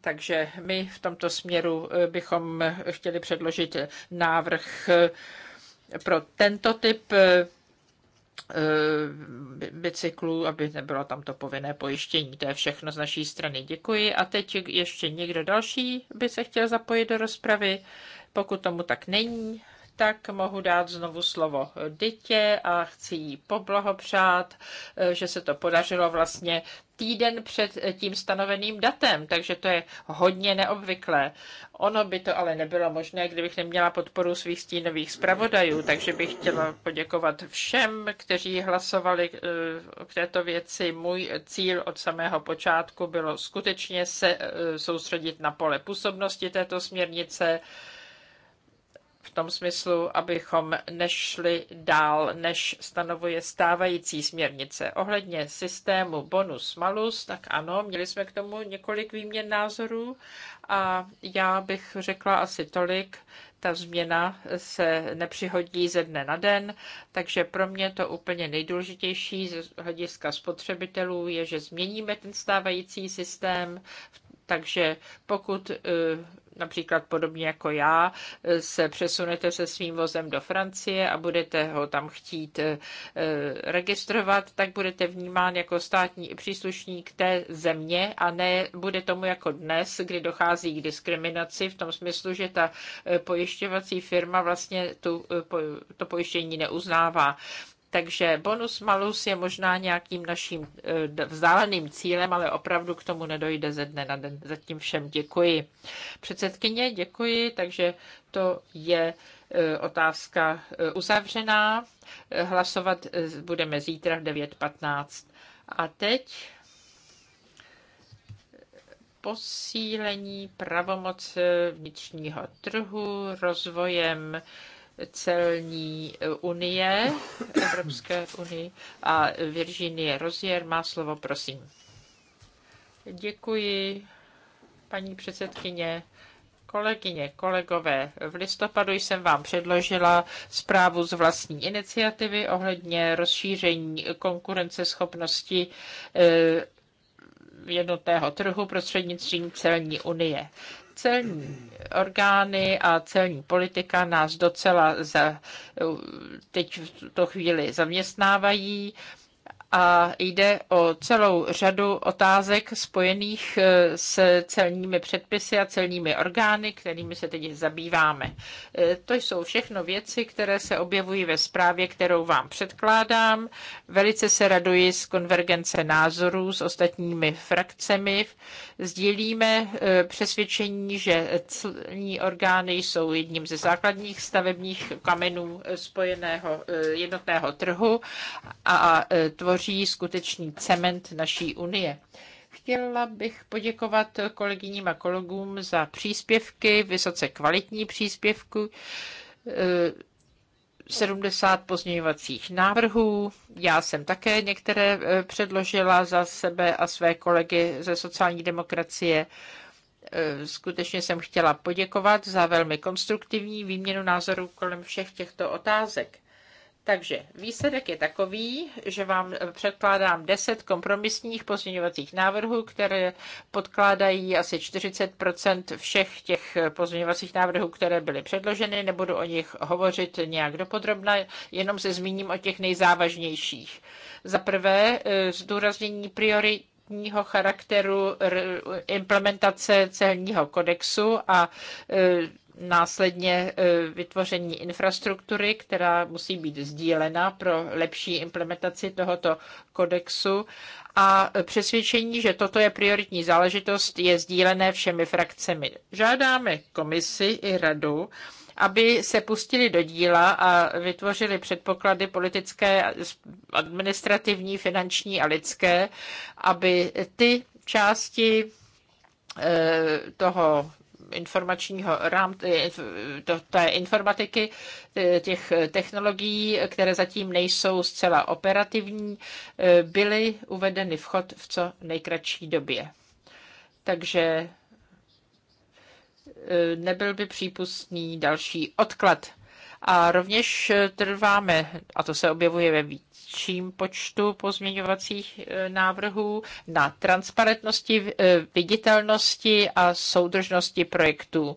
Takže my v tomto směru e, bychom chtěli předložit návrh pro tento typ Eh, bicyklu, aby nebylo tam to povinné pojištění. To je všechno z naší strany. Děkuji. A teď ještě někdo další by se chtěl zapojit do rozpravy. Pokud tomu tak není, tak mohu dát znovu slovo Dytě a chci jí poblahopřát, eh, že se to podařilo vlastně týden před eh, tím stanoveným datem, takže to je hodně neobvyklé. Ono by to ale nebylo možné, kdybych neměla podporu svých stínových zpravodajů, takže bych chtěla poděkovat všem, kteří hlasovali k eh, této věci. Můj cíl od samého počátku bylo skutečně se soustředit na pole působnosti této směrnice, v tom smyslu, abychom nešli dál, než stanovuje stávající směrnice. Ohledně systému bonus-malus, tak ano, měli jsme k tomu několik výměn názorů a já bych řekla asi tolik, ta změna se nepřihodí ze dne na den, takže pro mě to úplně nejdůležitější z hlediska spotřebitelů je, že změníme ten stávající systém takže pokud eh, například podobně jako já, eh, se přesunete se svým vozem do Francie a budete ho tam chtít eh, registrovat, tak budete vnímán jako státní příslušník té země a ne bude tomu jako dnes, kdy dochází k diskriminaci v tom smyslu, že ta pojišťovací firma vlastně tu, to pojištění neuznává. Takže bonus malus je možná nějakým naším eh, vzdáleným cílem, ale opravdu k tomu nedojde ze dne na den. Zatím všem děkuji. Předsedkyně, děkuji, takže to je eh, otázka eh, uzavřená. Hlasovat budeme zítra v 9.15. A teď posílení pravomoc vnitřního trhu rozvojem celní eh, unie, Evropské unie a Virginie Rozier má slovo, prosím. Děkuji, paní předsedkyně. Kolegyně, kolegové, v listopadu jsem vám předložila zprávu z vlastní iniciativy ohledně rozšíření konkurenceschopnosti eh, jednotného trhu prostřednictvím celní unie celní orgány a celní politika nás docela za, teď v tuto chvíli zaměstnávají a jde o celou řadu otázek spojených e, s celními předpisy a celními orgány, kterými se teď zabýváme. E, to jsou všechno věci, které se objevují ve zprávě, kterou vám předkládám. Velice se raduji z konvergence názorů s ostatními frakcemi. Sdílíme e, přesvědčení, že celní orgány jsou jedním ze základních stavebních kamenů spojeného jednotného trhu a tvoří tvoří skutečný cement naší unie. Chtěla bych poděkovat kolegyním a kolegům za příspěvky, vysoce kvalitní příspěvky. 70 eh, pozměňovacích návrhů. Já jsem také některé eh, předložila za sebe a své kolegy ze sociální demokracie. Eh, skutečně jsem chtěla poděkovat za velmi konstruktivní výměnu názorů kolem všech těchto otázek. Takže výsledek je takový, že vám předkládám 10 kompromisních pozměňovacích návrhů, které podkládají asi 40 všech těch pozměňovacích návrhů, které byly předloženy. Nebudu o nich hovořit nějak dopodrobna, jenom se zmíním o těch nejzávažnějších. Za prvé, e, zdůraznění priorit konkrétního charakteru implementace celního kodexu a e, následně e, vytvoření infrastruktury, která musí být sdílena pro lepší implementaci tohoto kodexu a přesvědčení, že toto je prioritní záležitost, je sdílené všemi frakcemi. Žádáme komisi i radu, aby se pustili do díla a vytvořili předpoklady politické, administrativní, finanční a lidské, aby ty části eh, toho informačního rám, eh, to, té informatiky, eh, těch technologií, které zatím nejsou zcela operativní, byly uvedeny vchod v co nejkratší době. Takže E, nebyl by přípustný další odklad. A rovněž trváme, a to se objevuje ve větším počtu pozměňovacích e, návrhů, na transparentnosti, e, viditelnosti a soudržnosti projektů.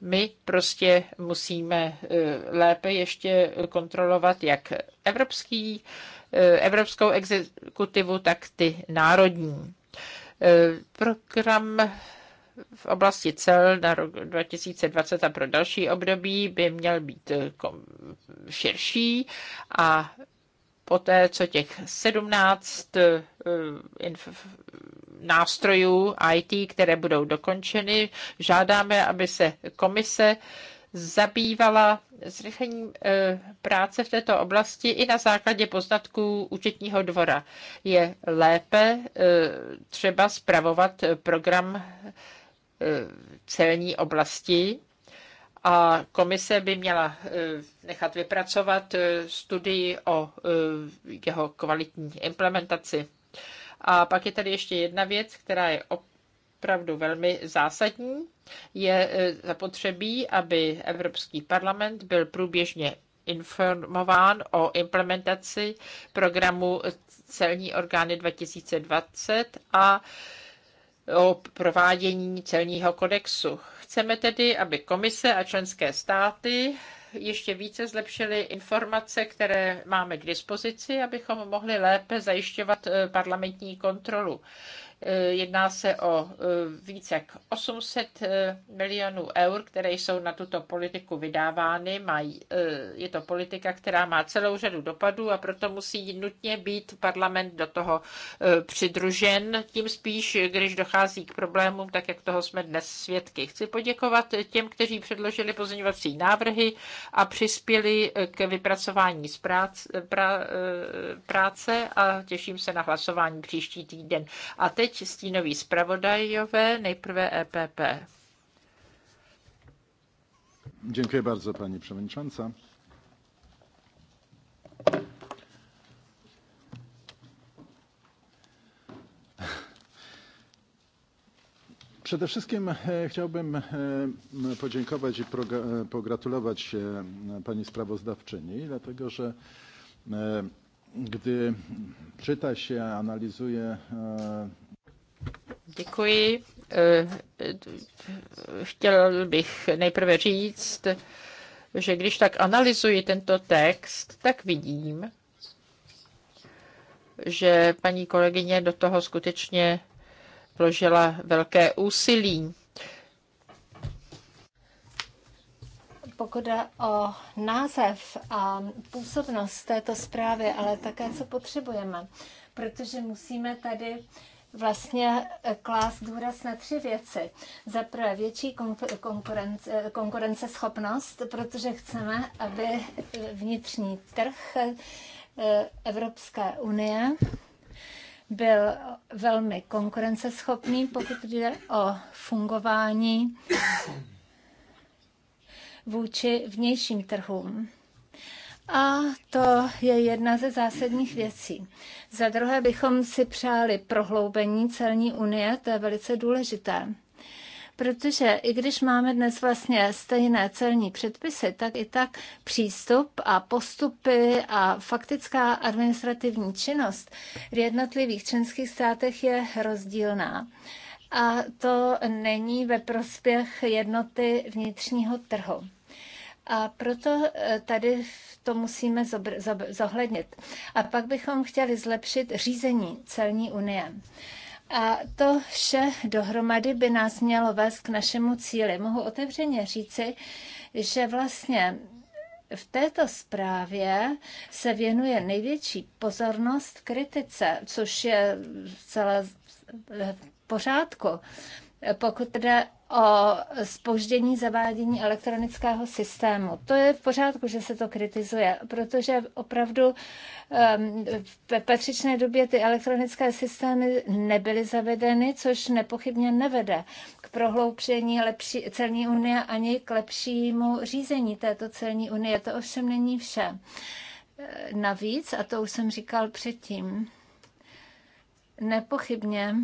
My prostě musíme lépe ještě kontrolovat, jak evropský, evropskou exekutivu, tak ty národní. Program v oblasti cel na rok 2020 a pro další období by měl být eh, širší a poté, co těch 17 eh, nástrojů IT, které budou dokončeny, žádáme, aby se komise zabývala zrychlením eh, práce v této oblasti i na základě poznatků účetního dvora. Je lépe třeba spravovat program Eh, celní oblasti a komise by měla eh, nechat vypracovat eh, studii o jeho kvalitní implementaci. A pak je tady ještě jedna věc, která je opravdu velmi zásadní. Je zapotřebí, aby Evropský parlament byl průběžně informován o implementaci programu Celní orgány 2020 a o provádění celního kodexu. Chceme tedy, aby komise a členské státy ještě více zlepšili informace, které máme k dispozici, abychom mohli lépe zajišťovat eh, parlamentní kontrolu. Eh, jedná se o eh, více jak 800 eh, milionů eur, které jsou na tuto politiku vydávány. je to politika, která má celou řadu dopadů a proto musí nutně být parlament do toho přidružen. Tím spíš, když dochází k problémům, tak jak toho jsme dnes svědky. Chci poděkovat těm, kteří předložili pozměňovací návrhy a přispěli k vypracování z práce, pra, práce a těším se na hlasování příští týden. A teď teď stínoví zpravodajové, nejprve EPP. Děkuji bardzo, pani przewodnicząca. Przede wszystkim e, chciałbym e, podziękować i e, pogratulować pani sprawozdawczyni, dlatego że gdy czyta się, analizuje Děkuji. Eh, chtěl bych nejprve říct, že když tak analyzuji tento text, tak vidím, že paní kolegyně do toho skutečně vložila velké úsilí. pokud jde o název a působnost této zprávy, ale také co potřebujeme, protože musíme tady vlastně eh, klást důraz na tři věci. Za prvé větší konkurence, eh, konkurenceschopnost, protože chceme, aby eh, vnitřní trh Evropské unie byl velmi konkurenceschopný, pokud jde o fungování vůči vnějším trhům. A to je jedna ze zásadních věcí. Za druhé bychom si přáli prohloubení celní unie, to je velice důležité. Protože i když máme dnes vlastně stejné celní předpisy, tak i tak přístup a postupy a faktická administrativní činnost v jednotlivých členských státech je rozdílná. A to není ve prospěch jednoty vnitřního trhu. A proto eh, tady to musíme zohlednit. A pak bychom chtěli zlepšit řízení celní unie. A to vše dohromady by nás mělo vést k našemu cíli. Mohu otevřeně říci, že vlastně v této zprávě se věnuje největší pozornost kritice, což je celé v pořádku. Pokud jde o spoždění zavádění elektronického systému. To je v pořádku, že se to kritizuje, protože opravdu v patřičné době ty elektronické systémy nebyly zavedeny, což nepochybně nevede k prohloubšení lepší celní unie ani k lepšímu řízení této celní unie. To ovšem není vše. Navíc, a to už jsem říkal předtím, nepochybně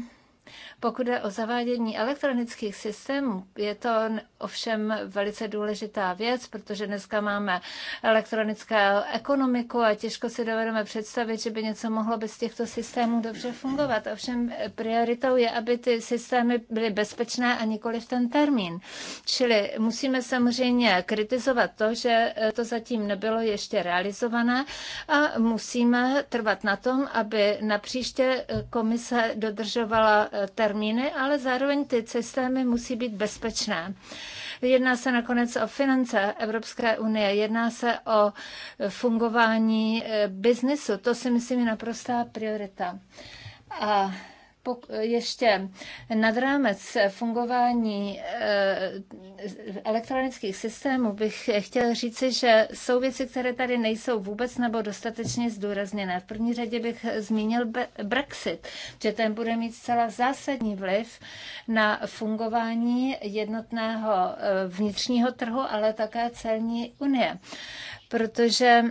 pokud je o zavádění elektronických systémů, je to ovšem velice důležitá věc, protože dneska máme elektronickou ekonomiku a těžko si dovedeme představit, že by něco mohlo bez těchto systémů dobře fungovat. Ovšem eh, prioritou je, aby ty systémy byly bezpečné a nikoli v ten termín. Čili musíme samozřejmě kritizovat to, že eh, to zatím nebylo ještě realizované a musíme trvat na tom, aby napříště eh, komise dodržovala termíny, ale zároveň ty systémy musí být bezpečné. Jedná se nakonec o finance Evropské unie, jedná se o fungování eh, biznesu. To si myslím je naprostá priorita. A ještě nad rámec fungování eh, elektronických systémů bych chtěla říci, že jsou věci, které tady nejsou vůbec nebo dostatečně zdůrazněné. V první řadě bych zmínil Brexit, že ten bude mít zcela zásadní vliv na fungování jednotného eh, vnitřního trhu, ale také celní unie, protože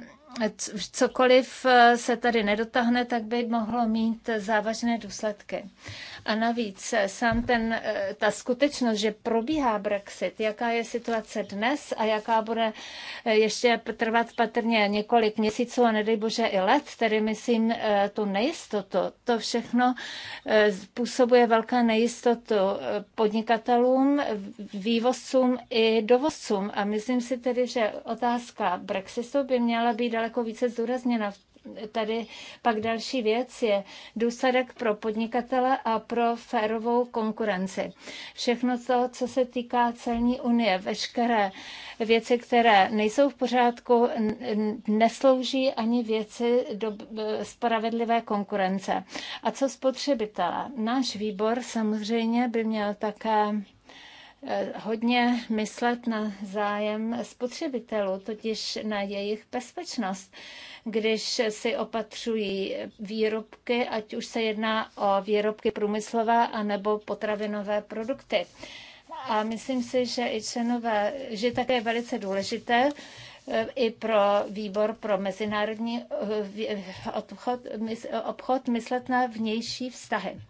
cokoliv eh, se tady nedotáhne, tak by mohlo mít závažné důsledky. A navíc eh, sám ten, eh, ta skutečnost, že probíhá Brexit, jaká je situace dnes a jaká bude ještě trvat patrně několik měsíců a nedej bože i let, tedy myslím tu nejistotu, to všechno způsobuje velká nejistotu podnikatelům, vývozcům i dovozcům. A myslím si tedy, že otázka Brexitu by měla být daleko více zdůrazněna tady pak další věc je důsledek pro podnikatele a pro férovou konkurenci. Všechno to, co se týká celní unie, veškeré věci, které nejsou v pořádku, neslouží ani věci do e, spravedlivé konkurence. A co spotřebitele? Náš výbor samozřejmě by měl také Eh, hodně myslet na zájem spotřebitelů, totiž na jejich bezpečnost. Když si opatřují výrobky, ať už se jedná o výrobky průmyslové anebo potravinové produkty. A myslím si, že i členové, že také je velice důležité, eh, i pro výbor pro mezinárodní eh, obchod, myslet na vnější vztahy.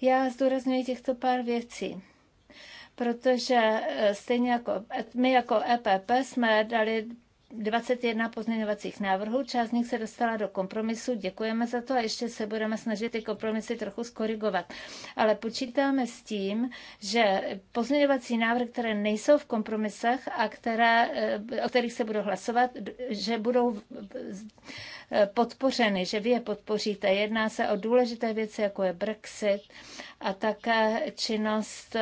Já zdůraznuju těchto pár věcí protože eh, stejně jako e my jako EPP jsme dali 21 pozměňovacích návrhů, část z nich se dostala do kompromisu, děkujeme za to a ještě se budeme snažit ty kompromisy trochu skorigovat. Ale počítáme s tím, že pozměňovací návrhy, které nejsou v kompromisech a které, eh, o kterých se budou hlasovat, že budou eh, podpořeny, že vy je podpoříte. Jedná se o důležité věci, jako je Brexit a také činnost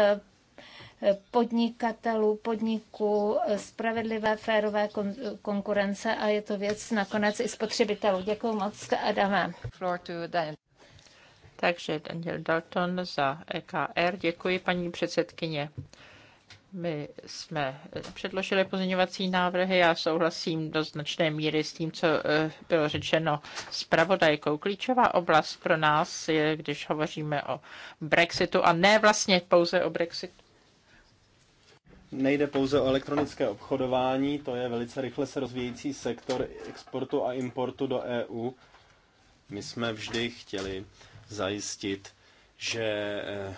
podnikatelů, podniků, spravedlivé, férové kon- konkurence a je to věc nakonec i spotřebitelů. Děkuji moc, Adame. Takže Daniel Dalton za EKR. Děkuji, paní předsedkyně. My jsme předložili pozměňovací návrhy. Já souhlasím do značné míry s tím, co eh, bylo řečeno zpravodajkou. Klíčová oblast pro nás je, když hovoříme o Brexitu a ne vlastně pouze o Brexitu, Nejde pouze o elektronické obchodování, to je velice rychle se rozvíjející sektor exportu a importu do EU. My jsme vždy chtěli zajistit, že eh,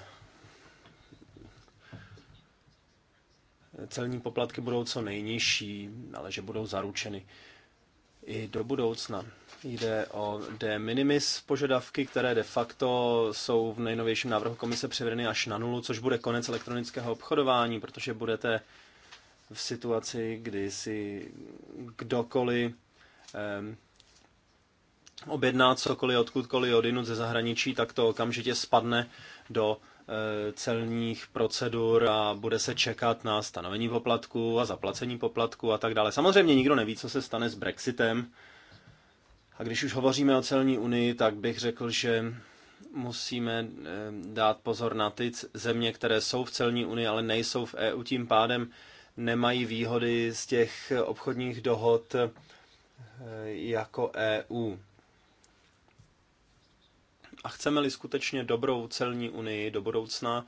celní poplatky budou co nejnižší, ale že budou zaručeny i do budoucna. Jde o de minimis požadavky, které de facto jsou v nejnovějším návrhu komise převedeny až na nulu, což bude konec elektronického obchodování, protože budete v situaci, kdy si kdokoliv eh, objedná cokoliv odkudkoliv odinut ze zahraničí, tak to okamžitě spadne do eh, celních procedur a bude se čekat na stanovení poplatku a zaplacení poplatku a tak dále. Samozřejmě nikdo neví, co se stane s Brexitem, a když už hovoříme o celní unii, tak bych řekl, že musíme eh, dát pozor na ty země, které jsou v celní unii, ale nejsou v EU, tím pádem nemají výhody z těch obchodních dohod eh, jako EU. A chceme-li skutečně dobrou celní unii do budoucna,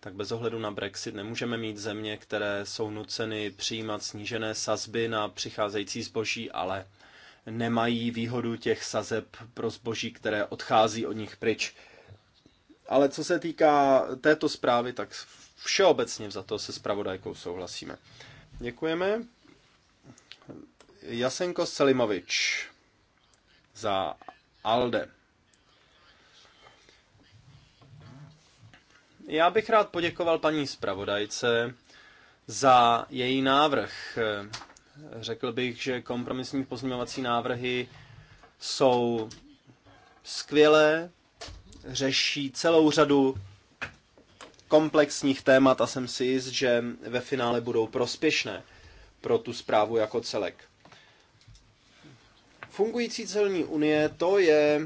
tak bez ohledu na Brexit nemůžeme mít země, které jsou nuceny přijímat snížené sazby na přicházející zboží, ale nemají výhodu těch sazeb pro zboží, které odchází od nich pryč. Ale co se týká této zprávy, tak všeobecně za to se spravodajkou souhlasíme. Děkujeme. Jasenko Selimovič za ALDE. Já bych rád poděkoval paní zpravodajce za její návrh. Řekl bych, že kompromisní pozměňovací návrhy jsou skvělé, řeší celou řadu komplexních témat a jsem si jist, že ve finále budou prospěšné pro tu zprávu jako celek. Fungující celní unie to je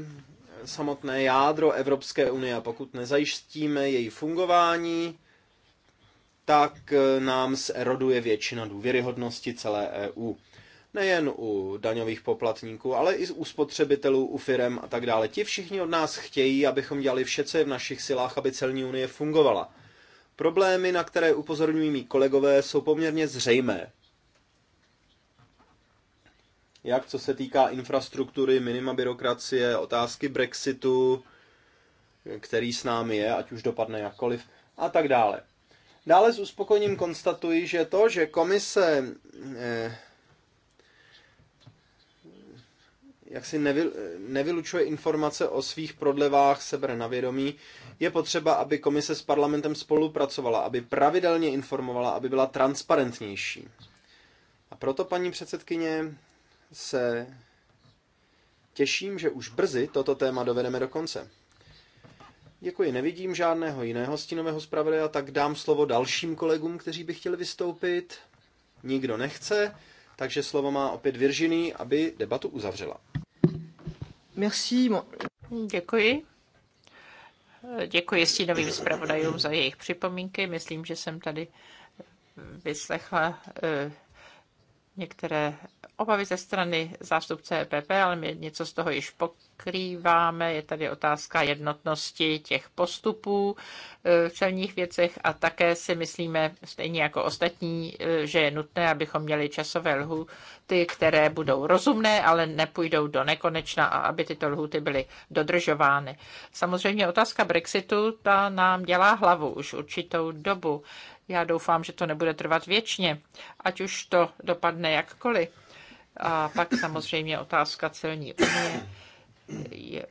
samotné jádro Evropské unie a pokud nezajistíme její fungování, tak eh, nám zeroduje většina důvěryhodnosti celé EU. Nejen u daňových poplatníků, ale i u spotřebitelů, u firem a tak dále. Ti všichni od nás chtějí, abychom dělali vše, co je v našich silách, aby celní unie fungovala. Problémy, na které upozorňují mý kolegové, jsou poměrně zřejmé. Jak co se týká infrastruktury, minima byrokracie, otázky Brexitu, který s námi je, ať už dopadne jakkoliv, a tak dále. Dále s uspokojením konstatuji, že to, že komise eh, jak si nevy, nevylučuje informace o svých prodlevách, sebere na vědomí, je potřeba, aby komise s parlamentem spolupracovala, aby pravidelně informovala, aby byla transparentnější. A proto, paní předsedkyně, se těším, že už brzy toto téma dovedeme do konce. Děkuji, nevidím žádného jiného stínového zpravodaje, tak dám slovo dalším kolegům, kteří by chtěli vystoupit. Nikdo nechce, takže slovo má opět Virginie, aby debatu uzavřela. Merci. Děkuji. Děkuji stínovým zpravodajům za jejich připomínky. Myslím, že jsem tady vyslechla eh, některé obavy ze strany zástupce EPP, ale my něco z toho již pokrýváme. Je tady otázka jednotnosti těch postupů e, v celních věcech a také si myslíme, stejně jako ostatní, e, že je nutné, abychom měli časové lhuty, které budou rozumné, ale nepůjdou do nekonečna a aby tyto lhuty byly dodržovány. Samozřejmě otázka Brexitu, ta nám dělá hlavu už určitou dobu. Já doufám, že to nebude trvat věčně, ať už to dopadne jakkoliv. A pak samozřejmě otázka celní unie. Je,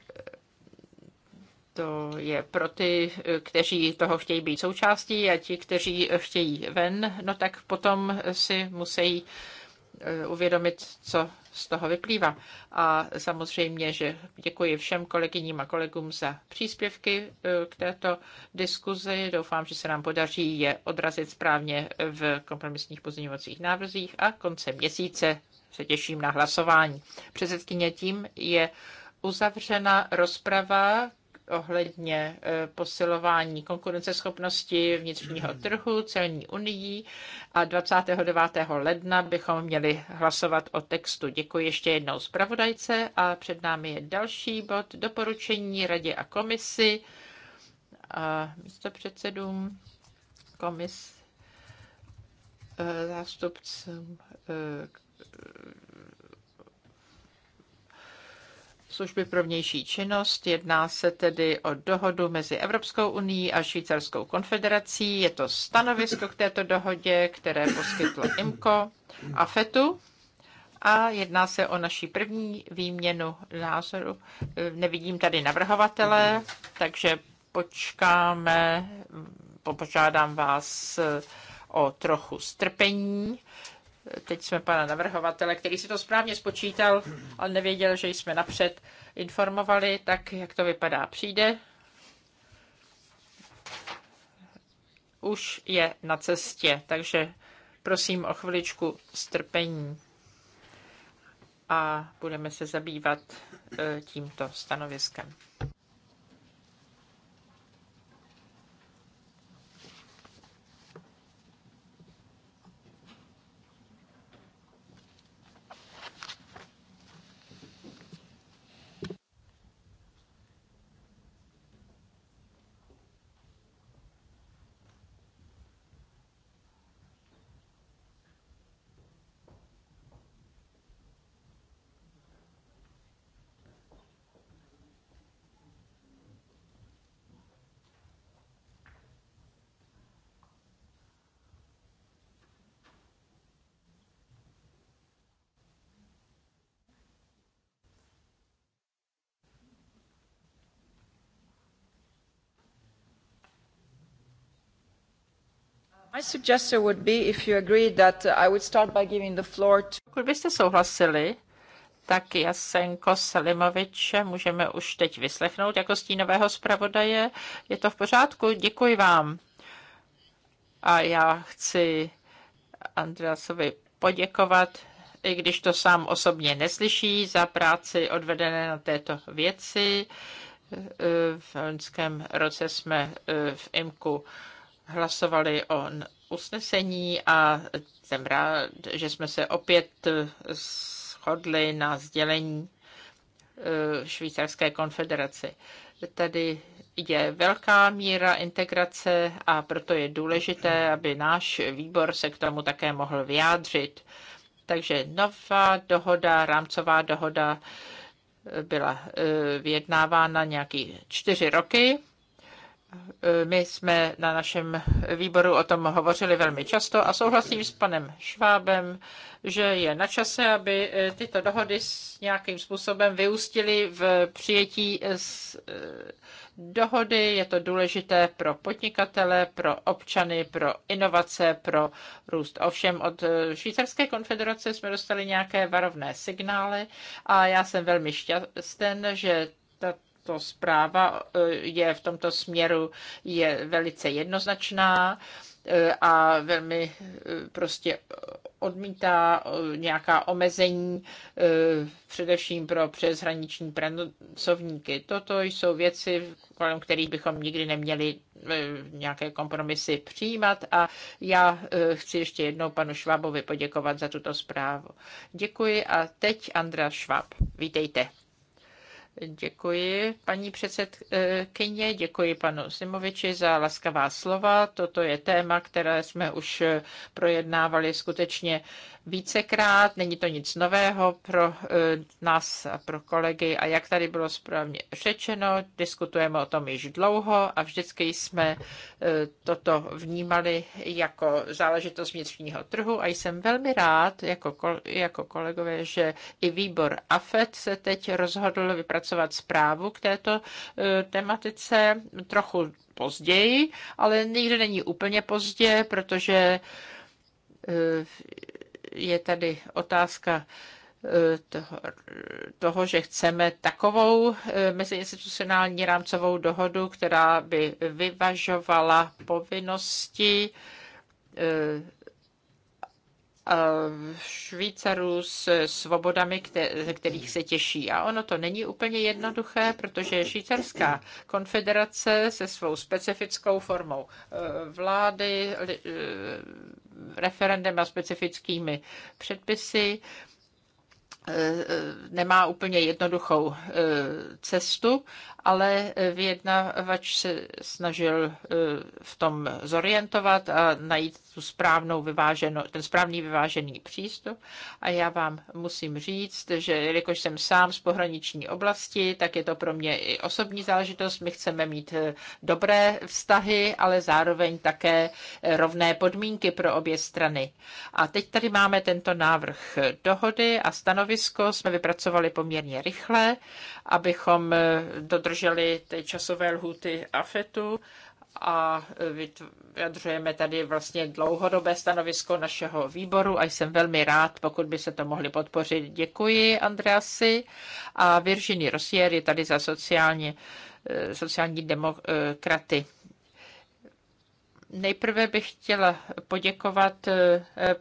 to je pro ty, kteří toho chtějí být součástí a ti, kteří chtějí ven, no tak potom si musí eh, uvědomit, co z toho vyplývá. A samozřejmě, že děkuji všem kolegyním a kolegům za příspěvky eh, k této diskuzi. Doufám, že se nám podaří je odrazit správně v kompromisních pozměňovacích návrzích a konce měsíce se těším na hlasování. Předsedkyně tím je uzavřena rozprava ohledně eh, posilování konkurenceschopnosti vnitřního trhu, celní unii a 29. ledna bychom měli hlasovat o textu. Děkuji ještě jednou zpravodajce a před námi je další bod doporučení radě a komisi a předsedům komis eh, zástupcům eh, služby pro vnější činnost. Jedná se tedy o dohodu mezi Evropskou unii a Švýcarskou konfederací. Je to stanovisko k této dohodě, které poskytlo IMCO a FETu. A jedná se o naší první výměnu názoru. Nevidím tady navrhovatele, takže počkáme, popožádám vás o trochu strpení. Teď jsme pana navrhovatele, který si to správně spočítal, ale nevěděl, že jsme napřed informovali, tak jak to vypadá, přijde. Už je na cestě, takže prosím o chviličku strpení a budeme se zabývat e, tímto stanoviskem. Pokud byste souhlasili, tak Jasenko Selimoviče můžeme už teď vyslechnout jako stínového zpravodaje. Je to v pořádku? Děkuji vám. A já chci Andreasovi poděkovat, i když to sám osobně neslyší, za práci odvedené na této věci. V loňském roce jsme eh, v IMKU hlasovali o usnesení a jsem rád, že jsme se opět eh, shodli na sdělení eh, Švýcarské konfederaci. Tady je velká míra integrace a proto je důležité, aby náš výbor se k tomu také mohl vyjádřit. Takže nová dohoda, rámcová dohoda eh, byla vyjednávána nějaký čtyři roky my jsme na našem výboru o tom hovořili velmi často a souhlasím s panem Švábem, že je na čase, aby tyto dohody s nějakým způsobem vyústily v přijetí z eh, dohody. Je to důležité pro podnikatele, pro občany, pro inovace, pro růst. Ovšem od eh, Švýcarské konfederace jsme dostali nějaké varovné signály a já jsem velmi šťastný, že tato tato zpráva eh, je v tomto směru je velice jednoznačná eh, a velmi eh, prostě odmítá nějaká omezení, především pro přeshraniční pracovníky. Toto jsou věci, kolem kterých bychom nikdy neměli nějaké kompromisy přijímat a já chci ještě jednou panu Švábovi poděkovat za tuto zprávu. Děkuji a teď Andra Šváb. Vítejte. Děkuji paní předsedkyně, děkuji panu Simoviči za laskavá slova. Toto je téma, které jsme už projednávali skutečně vícekrát, není to nic nového pro eh, nás a pro kolegy a jak tady bylo správně řečeno, diskutujeme o tom již dlouho a vždycky jsme eh, toto vnímali jako záležitost vnitřního trhu a jsem velmi rád, jako, jako kolegové, že i výbor AFED se teď rozhodl vypracovat zprávu k této eh, tematice trochu později, ale nikdy není úplně pozdě, protože je tady otázka eh, toho, toho, že chceme takovou eh, meziinstitucionální rámcovou dohodu, která by vyvažovala povinnosti eh, Eh, Švýcarů s svobodami, kterých se těší. A ono to není úplně jednoduché, protože Švýcarská konfederace se svou specifickou formou eh, vlády, eh, referendem a specifickými předpisy Eh, eh, nemá úplně jednoduchou eh, cestu, ale vyjednavač se snažil v tom zorientovat a najít tu správnou vyváženou, ten správný vyvážený přístup. A já vám musím říct, že jelikož jsem sám z pohraniční oblasti, tak je to pro mě i osobní záležitost. My chceme mít dobré vztahy, ale zároveň také rovné podmínky pro obě strany. A teď tady máme tento návrh dohody a stanovení stanovisko jsme vypracovali poměrně rychle, abychom eh, dodrželi ty časové lhuty AFETu a eh, vyjadřujeme tady vlastně dlouhodobé stanovisko našeho výboru a jsem velmi rád, pokud by se to mohli podpořit. Děkuji, Andreasi. A Virginie Rosier je tady za sociálně, eh, sociální demokraty. Nejprve bych chtěla poděkovat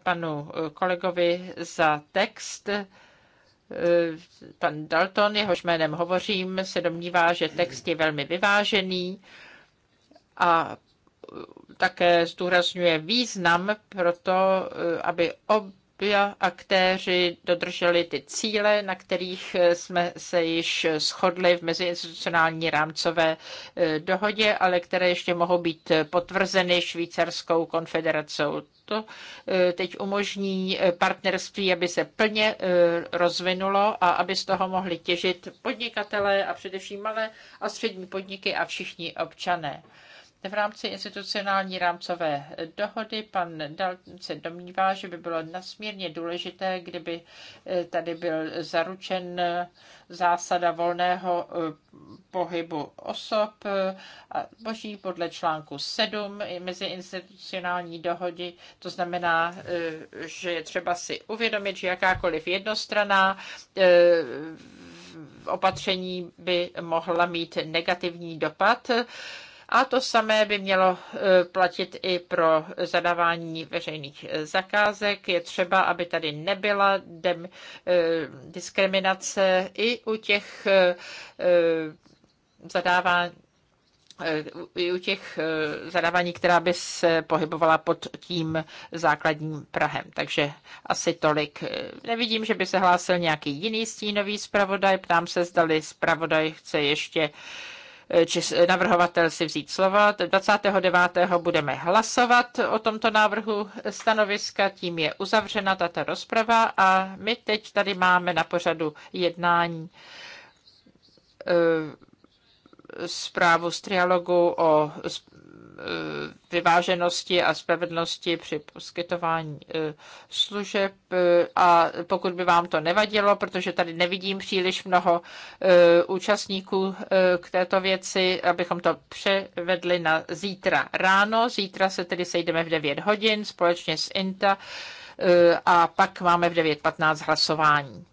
panu kolegovi za text, Eh, pan Dalton, jehož jménem hovořím, se domnívá, že text je velmi vyvážený a také zdůrazňuje význam pro to, eh, aby ob a aktéři dodrželi ty cíle, na kterých eh, jsme se již shodli v meziinstitucionální rámcové eh, dohodě, ale které ještě mohou být potvrzeny švýcarskou konfederacou. To eh, teď umožní partnerství, aby se plně rozvinulo a aby z toho mohli těžit podnikatelé a především malé a střední podniky a všichni občané. V rámci institucionální rámcové dohody pan Dal se domnívá, že by bylo nasmírně důležité, kdyby eh, tady byl zaručen eh, zásada volného eh, pohybu osob a boží podle článku 7 mezi institucionální dohody. To znamená, že je třeba si uvědomit, že jakákoliv jednostraná opatření by mohla mít negativní dopad a to samé by mělo e, platit i pro zadávání veřejných e, zakázek. Je třeba, aby tady nebyla dem, e, diskriminace i u těch zadávání i u těch zadávání, která by se pohybovala pod tím základním Prahem. Takže asi tolik. Nevidím, že by se hlásil nějaký jiný stínový zpravodaj. Ptám se, zdali zpravodaj chce ještě či navrhovatel si vzít slovo. 29. budeme hlasovat o tomto návrhu stanoviska, tím je uzavřena tato rozprava a my teď tady máme na pořadu jednání e, zprávu z trialogu o Eh, vyváženosti a spravedlnosti při poskytování eh, služeb eh, a pokud by vám to nevadilo, protože tady nevidím příliš mnoho účastníků k této věci, abychom to převedli na zítra ráno. Zítra se tedy sejdeme v 9 hodin společně s INTA a pak máme v 9.15 hlasování.